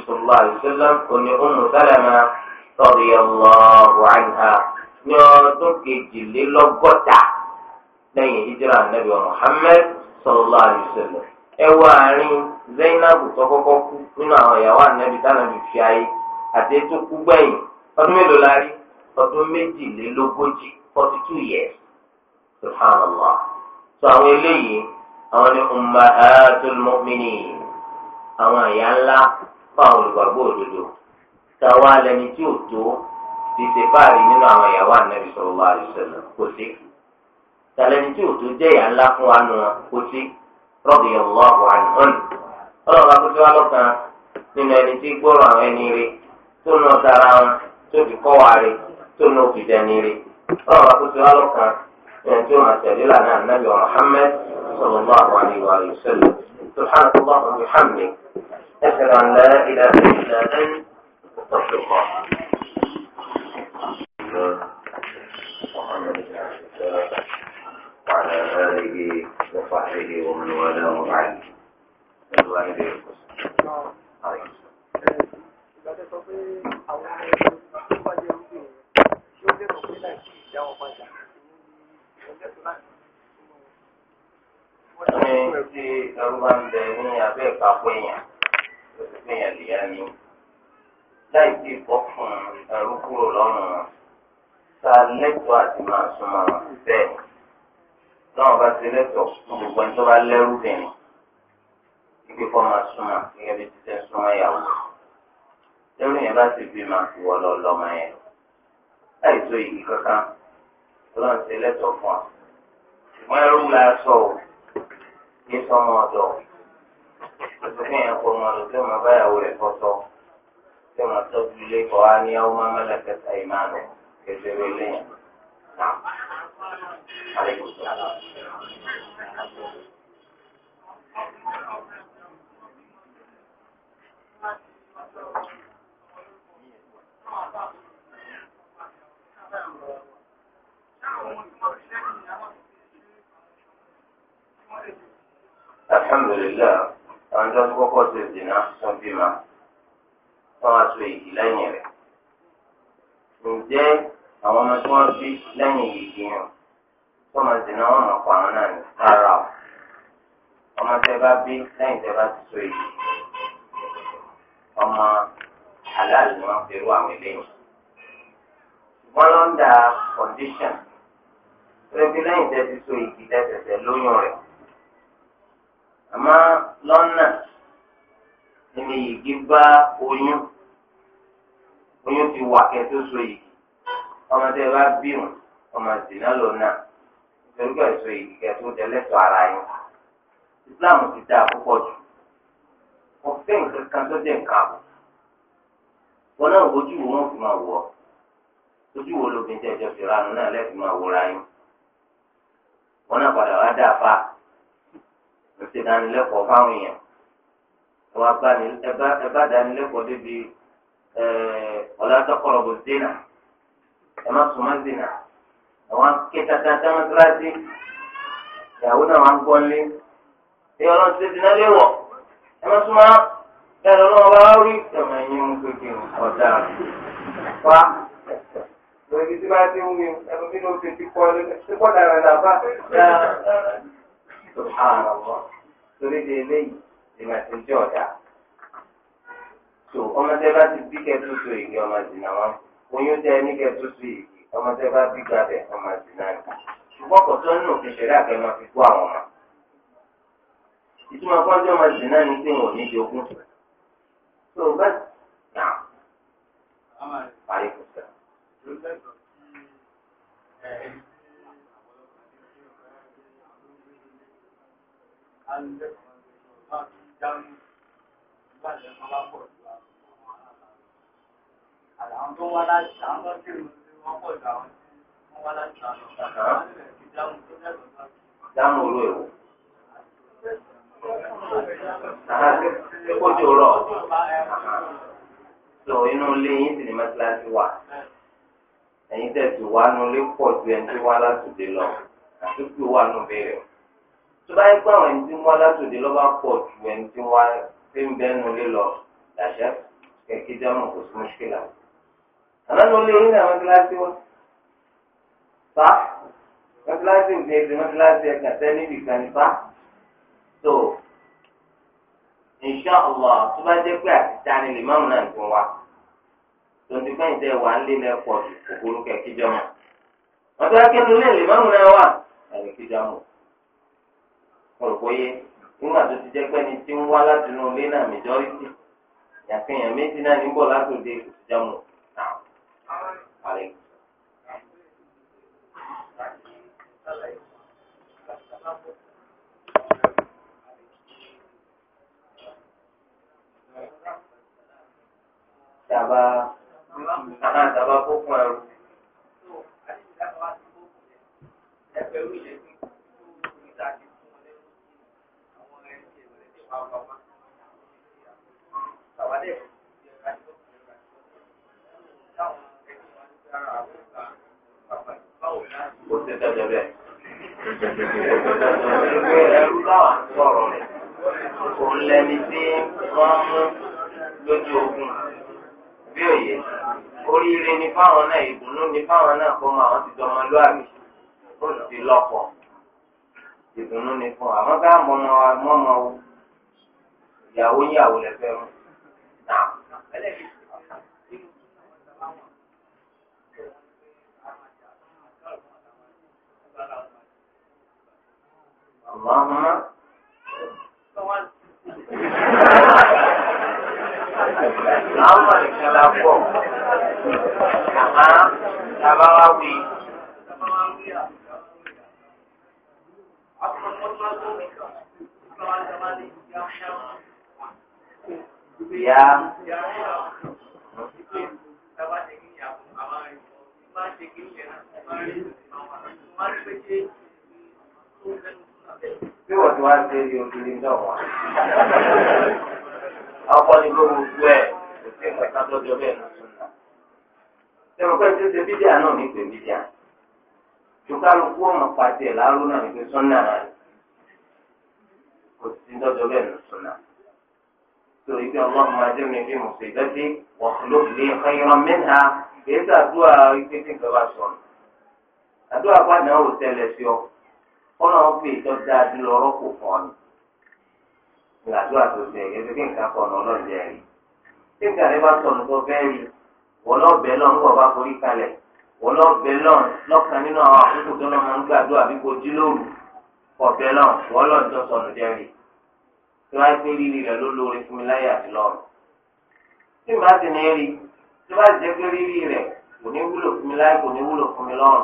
òní ní ọdún kejìlélọ́gọ́ta. lẹ́yìn hijira nabi wa muhammed sallallahu alayhi wa sallam ẹ wá àárín zainabu tó kú nínú àwọn ìyàwó anabi tánàbí fi ayé àti ètò kú gbẹ̀yìn ọdún mélòó la rí ọdún méjìlélógójì forty two years subhanallah so àwọn eléyìí àwọn ni àwọn àyà ńlá òdodo táwa lẹni tí ò alayhi tàlẹ́ni tí o tó jẹ́ ìyá ńlá fún wa nù kó sí rọ́bì ọ̀wọ́ àwọn àníhàn. ọlọ́run akókò wa lọ́kàn nínú ẹni tí gbọ́rọ̀ àwọn ẹni rí tó nà sára wọn tó fi kọ́ wa rí tó nà òfin dání rí. ọlọ́run akókò wa lọ́kàn nínú tí o máa tẹ̀lé lànà آله وصحبه ومن والاه وبعد الله tí ẹrú bá ń bẹ ní abẹ́ ìkápọ̀ èèyàn ló ti pé èèyàn lè yá ni láì tí bọ́ fún ẹrú kúrò lọ́rùn wọn tá a lẹ́tọ̀ọ́ àti máa súnmọ́ bẹ́ẹ̀ táwọn bá ti lẹ́tọ̀ fún gbogbo ẹni tó bá lẹ́rú bìnrin ibi kọ́ máa súnmọ́ gẹ́gẹ́ bí títẹ́ súnmọ́ ìyàwó lẹ́rú yẹn bá ti bí máa fi wọ́ lọ lọ́mọ yẹn láì tó iyì kankan ọlọ́run ti lẹ́tọ̀ fún ọ ṣùgbọ́n ẹrú la sọ ò ní sọmọ ọ̀dọ̀ oṣù kéèyàn kọ ọmọ ọdún tí ọmọ báyàwó rẹ̀ kọ́ sọ tí ọmọ tó fi lé kọ́ á ní ọmọ mẹ́lẹ̀kẹ́ta ìmáà alhamdulilayi àwọn tó ń kọ́kọ́ ṣe dènà wọn bímọ wọn aṣọ èyí lẹ́yìn rẹ̀ ǹjẹ́ àwọn ọmọ tí wọ́n bí lẹ́yìn yìí yẹn tó máa zina wọn mọ̀ pa àwọn náà ní rárá o ọmọ tẹ bá bí lẹ́yìn tẹ bá ti so èyí ọmọ aláàlú ni wọ́n fi rú àwọn eléyìí wọ́n lọ ń da condition rẹbi lẹ́yìn tẹ ti so èyí tẹsẹsẹ lóyún rẹ̀ àmọ́ lọ́nà nínú yìí bá oyún oyún ti wà kẹ́ so yìí ọmọ tẹ bá bí wọn ọmọ zina lọ náà. torí kẹ́ sọ èyí kẹ́ tó dẹ lẹ́tọ̀ ara yín islam ti dá púpọ̀ jù òfin nǹkan kan tó dé nǹkan àbò wọn náà ojú wo wọn fi máa wọ ojú wo lóbi tí ẹjọ́ fi ranu náà lẹ́ẹ̀fi máa wọra yín wọn náà padà wá dá fa ṣe dánilẹ́kọ̀ọ́ fáwọn èèyàn ẹwà bá ní ẹbá dánilẹ́kọ̀ọ́ débi ọ̀làtọ̀kọ̀rọ̀ bò zina ẹ má má zina. àwọn akẹ́kẹ́ tata mọ́tíláṣí ìyàwó náà wọn gbọ́n lé ṣé ọlọ́run ṣe ti náà lé wọ̀ ẹ má súnmọ́ ẹ̀rọ náà bá rí ìtẹ̀mọ̀ ẹ̀yìn mú kékeré ọ̀dà wa lórí tí bá ti ń wí ẹnu bí ló ti ti kọ́ lé ṣé kọ́ dára dàbá dáa subhanallah torí de eléyìí ìgbà tí ń jẹ́ ọ̀dà tó ọmọdé bá ti bí kẹ́tù so ìgbé ọmọ ìdìnnà wọn oyún tẹ ní kẹ́tù so ìgbé ọmọ tẹ bá bí gàdẹ ọmọ àdìlá ni ṣùgbọ́n kò tó nínú òfin ṣẹlẹ̀ àgbẹ̀ máa fi kó àwọn ọmọ. ìtumọ̀ fún ọjọ́ máa dì náà ni pé wọn ò ní jogún. tó o bá nà parí kò sẹ́. Àwọn tó wá láti àwọn tó kéré dáhùn olú èwo. Ekójú rọ̀ so inú ilé yín sì ni mẹ́tíláṣí wà. Ẹ̀yin tẹ̀sí wà nù lé pọ̀ ju ẹni tí wà látòdè lọ. Àtúntò wà nù bẹ̀rẹ̀. Tó bá yẹ pé àwọn ẹni tí wà látòdè lọ bá pọ̀ ju ẹni tí wà tí ń bẹ́nu lé lọ, kò sí mọ́ṣíkìlà. àná ló lé ní àwọn kíláàsì wa fa wọn kíláàsì ń tẹ̀lé wọn kíláàsì ẹ̀ka tẹ́lẹ̀ nìkan fa tó insha allah tó bá jẹ́ pé àti tani lè wa nlele wà á lé lẹ́pọ̀ kòkòrò kẹ́kíjọ́ mọ́ wọn tó bá lè má múná nígbà tó ti jẹ́ pé tí ń wá láti inú ilé náà èèyàn méjì tàbá tàbá fókun ẹrù. Ó ti sọ̀rọ̀ rẹ̀. Òun lẹni tí wọ́n mú lójú ogun bí òye oríire ní fáwọn náà ìdùnnú ní fáwọn náà kọ́ máa wọ́n ti dọ́mọ lóàbí ó sì ti lọ́pọ̀ ìdùnnú ní fún wa àwọn bá mọ́mọ́ wa mọ́mọ́ o ìyàwó yàwó lẹ fẹ́ mu náà. Allahumma. àwọn nìkan la pọ̀ àmọ́ tàbá wá wí. Ya. Bí wọ́n ti wá ń tẹ́lẹ̀ obìnrin náà wá. Ọkọ ni gbogbo ẹ̀. ẹgbẹ́ sábọ́jọ bẹ́ẹ̀ ló sùn náà. Ṣẹ́wọ̀n pé bídíà náà ní pé bídíà. Ṣùkálùkù ọmọ pàṣẹ náà ní pé sọ́nà Kò sí náà. pé ọlọ́run máa jẹ́ mi bí mo ṣe lẹ́sí wọ̀lọ́gbìn ẹ̀yọ́n mẹ́ta kìí ṣàdúrà ike tí ìjọba sọ̀rọ̀. Àdúrà pàdé ò tẹ̀lẹ̀ sí ọ. Ọlọ́run fi ìtọ́jà àdúrà ọ̀rọ̀ kò fọ́ ni. Ìlàdúrà tó ṣe ẹ̀yẹ́ tó kí nǹkan kọ̀ ọ̀nà tí gàrí bá sọnù tó fẹ́ rí wọ́n lọ bẹ̀ lọ́n wọ́n bá forí kalẹ̀ wọ́n lọ bẹ̀ lọ́n lọ́kàn nínú àwọn àkókò tó lọ́mọ ń gbàdúrà bí kò jí lóru ọ̀bẹ lọ́n wọ́n lọ́n jọ sọnù jẹ́rìí tí wọ́n á pé rírì rẹ̀ ló lóore fún mi láyé àti lọ́rùn. tí màá ti ní rí tí wọ́n á jẹ́ pé rírì rẹ̀ kò ní wúlò fún mi láyé kò ní wúlò fún mi lọ́rùn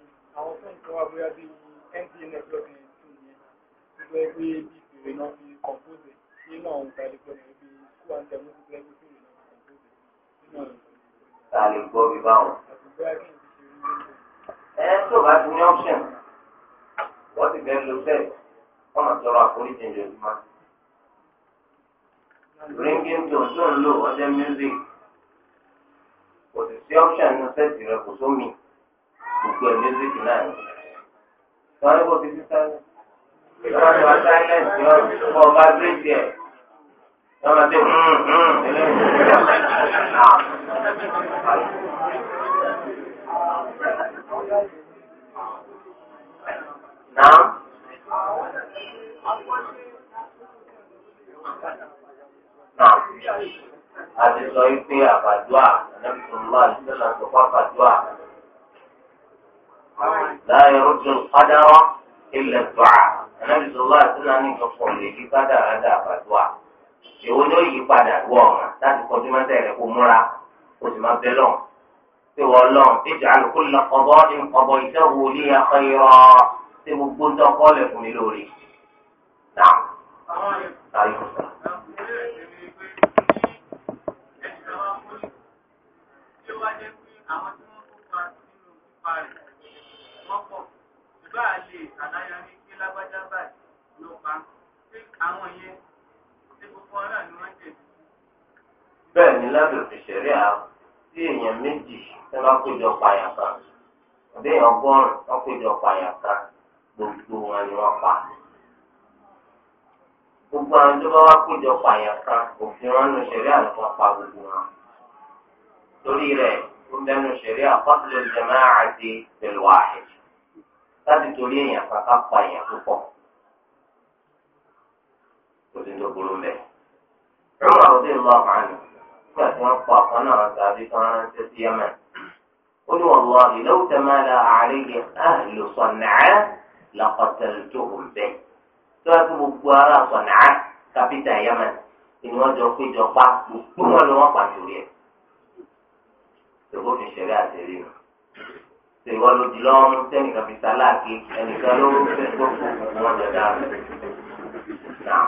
àwọn fún nǹkan wa bóyá bí mtn lọ́dún ẹ̀tún yẹn gbogbo ẹgbẹ́ bí fèrè náà fi kọ̀m̀póòsì nínú àwọn ìgbàlejò rẹ̀ bí school and dem gbogbo ẹgbẹ́ fèrè náà fi kọ̀m̀póòsì nínú àwọn ìgbàlejò. ta lè gbọ́ bí báwọn. ẹ tó bá ti ní option wọ́n ti bẹ́ẹ̀ lo sẹ́ẹ̀ wọ́n tọrọ àforíjì ìjọba. ringing tone tó ń lò ọjọ́ music kò sì sí option ní sẹ́ẹ̀tì rẹ̀ kò sómi gbogbo ẹ̀ music náà ni. wọ́n ní kò fi sí sáré. wọ́n ní wọ́n sáyẹ́ǹsì wọn kọ́ ọba bíríìjì ẹ̀. wọ́n máa dé hùn hmm, hùn hmm, nílé ìlú. náà. Náà a ti sọ wípé àbàdúà, ẹ̀nẹ́bùsùn lọ́wọ́ àti sẹ́lá ń sọ fún àbàdúà láyé rúdùn kádàrọ ilẹ̀ tọ́à ẹnẹ́bí sọlá àtúnà ní ìjọpọ̀ lè yí kádàrá dà àbàdùà ìwọ ni ó yí padà wọ ọ̀ràn láti kọjú mọ́tẹ́ rẹ̀ kó múra kó sì má bẹ́ lọ́n ṣé wọ́n lọ́n ìjà àlùkò lọ ọ̀bọ ọ̀bọ ìṣẹ́wò ní akọ irọ́ ṣé gbogbo ń tọ́kọ́ lẹ̀ fún mi lórí. Náà, àyùkọ̀ àwọn yẹn ṣé gbogbo ọ̀rá ni wọ́n jẹ̀. bẹ́ẹ̀ ni lábẹ́ òṣèré à tí èèyàn méjì tí wọ́n péjọ pààyàn kan àbí èèyàn ọgọ́rùn-ún wọ́n péjọ pààyàn kan gbogbo wọn ni wọ́n pa. gbogbo àwọn tó bá wá péjọ pààyàn kan òfin wọn nu ṣẹ̀rí àlùfọ́ pa gbogbo wọn. torí rẹ̀ ó bẹ́nu ṣẹ̀rí àkọsílẹ̀ jẹ̀mẹ́ àti pẹ̀lú àhẹ̀ láti torí èèyàn kankan pa èèyàn tó pọ̀ òsì tó burú mẹ. Rọ́bà òde ìlú àbáni nígbà tí wọ́n pa ọ̀kan náà tàbí kan ránṣẹ́ sí Yemen. Ó ní wọ́n lọ ìlú tẹ̀mẹ́lá àríyé àhìlú sọ̀nàá lọ́kọ̀tẹ̀lẹ̀ tó hùn bẹ́ẹ̀. Tí wọ́n ti gbogbo ara sọ̀nàá kápítà Yemen ni wọ́n jọ péjọ pa gbogbo wọn ni wọ́n pa torí ẹ̀. Ṣègbó fi ṣẹlẹ̀ àṣírí nù. Ṣèwọ́ ló di lọ́rùn sẹ́nìkan fi sáláàkì ẹnìkan ló fẹ́ tó kù wọ́n jọ dáa.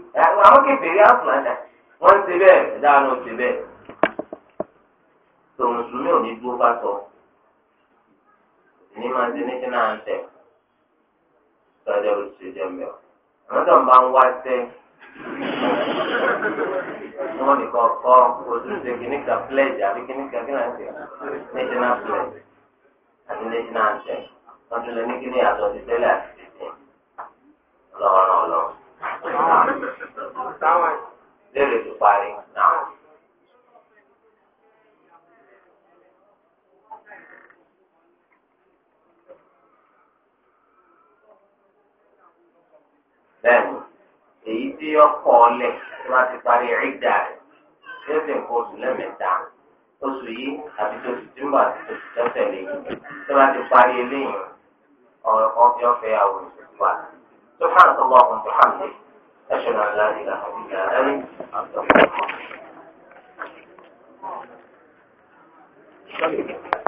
àwọn kékeré àfúnájà wọ́n ń ṣe bẹ́ẹ̀ ẹ̀dá àná ń ṣe bẹ́ẹ̀ tòun sùn mí ò ní dúró bá sọ ní máa ṣe níṣẹ́ náà ń tẹ̀ nwa ló ṣe jẹ́ mẹ́ọ̀ àwọn tó ń bá ń wá sẹ́ wọ́n nìkan kọ́ oṣù ṣe kìnnìkan pledge àbí kìnnìkan kí náà ṣe national pledge national lérè tó parí náà. bẹ́ẹ̀ni èyí tí ọkọ ọlẹ tí wọn ti parí ẹgbà rẹ tí ó sì ń kó oṣù lẹ́mẹ̀ta oṣù yìí àti oṣù tí ń bọ̀ àti oṣù tẹsẹ lẹ́yìn tí wọn ti parí eléyìí ọkọ ọfẹ àwọn oṣù tó wà. سبحانك اللهم وبحمدك أشهد أن لا إله إلا أنت أستغفرك Thank you.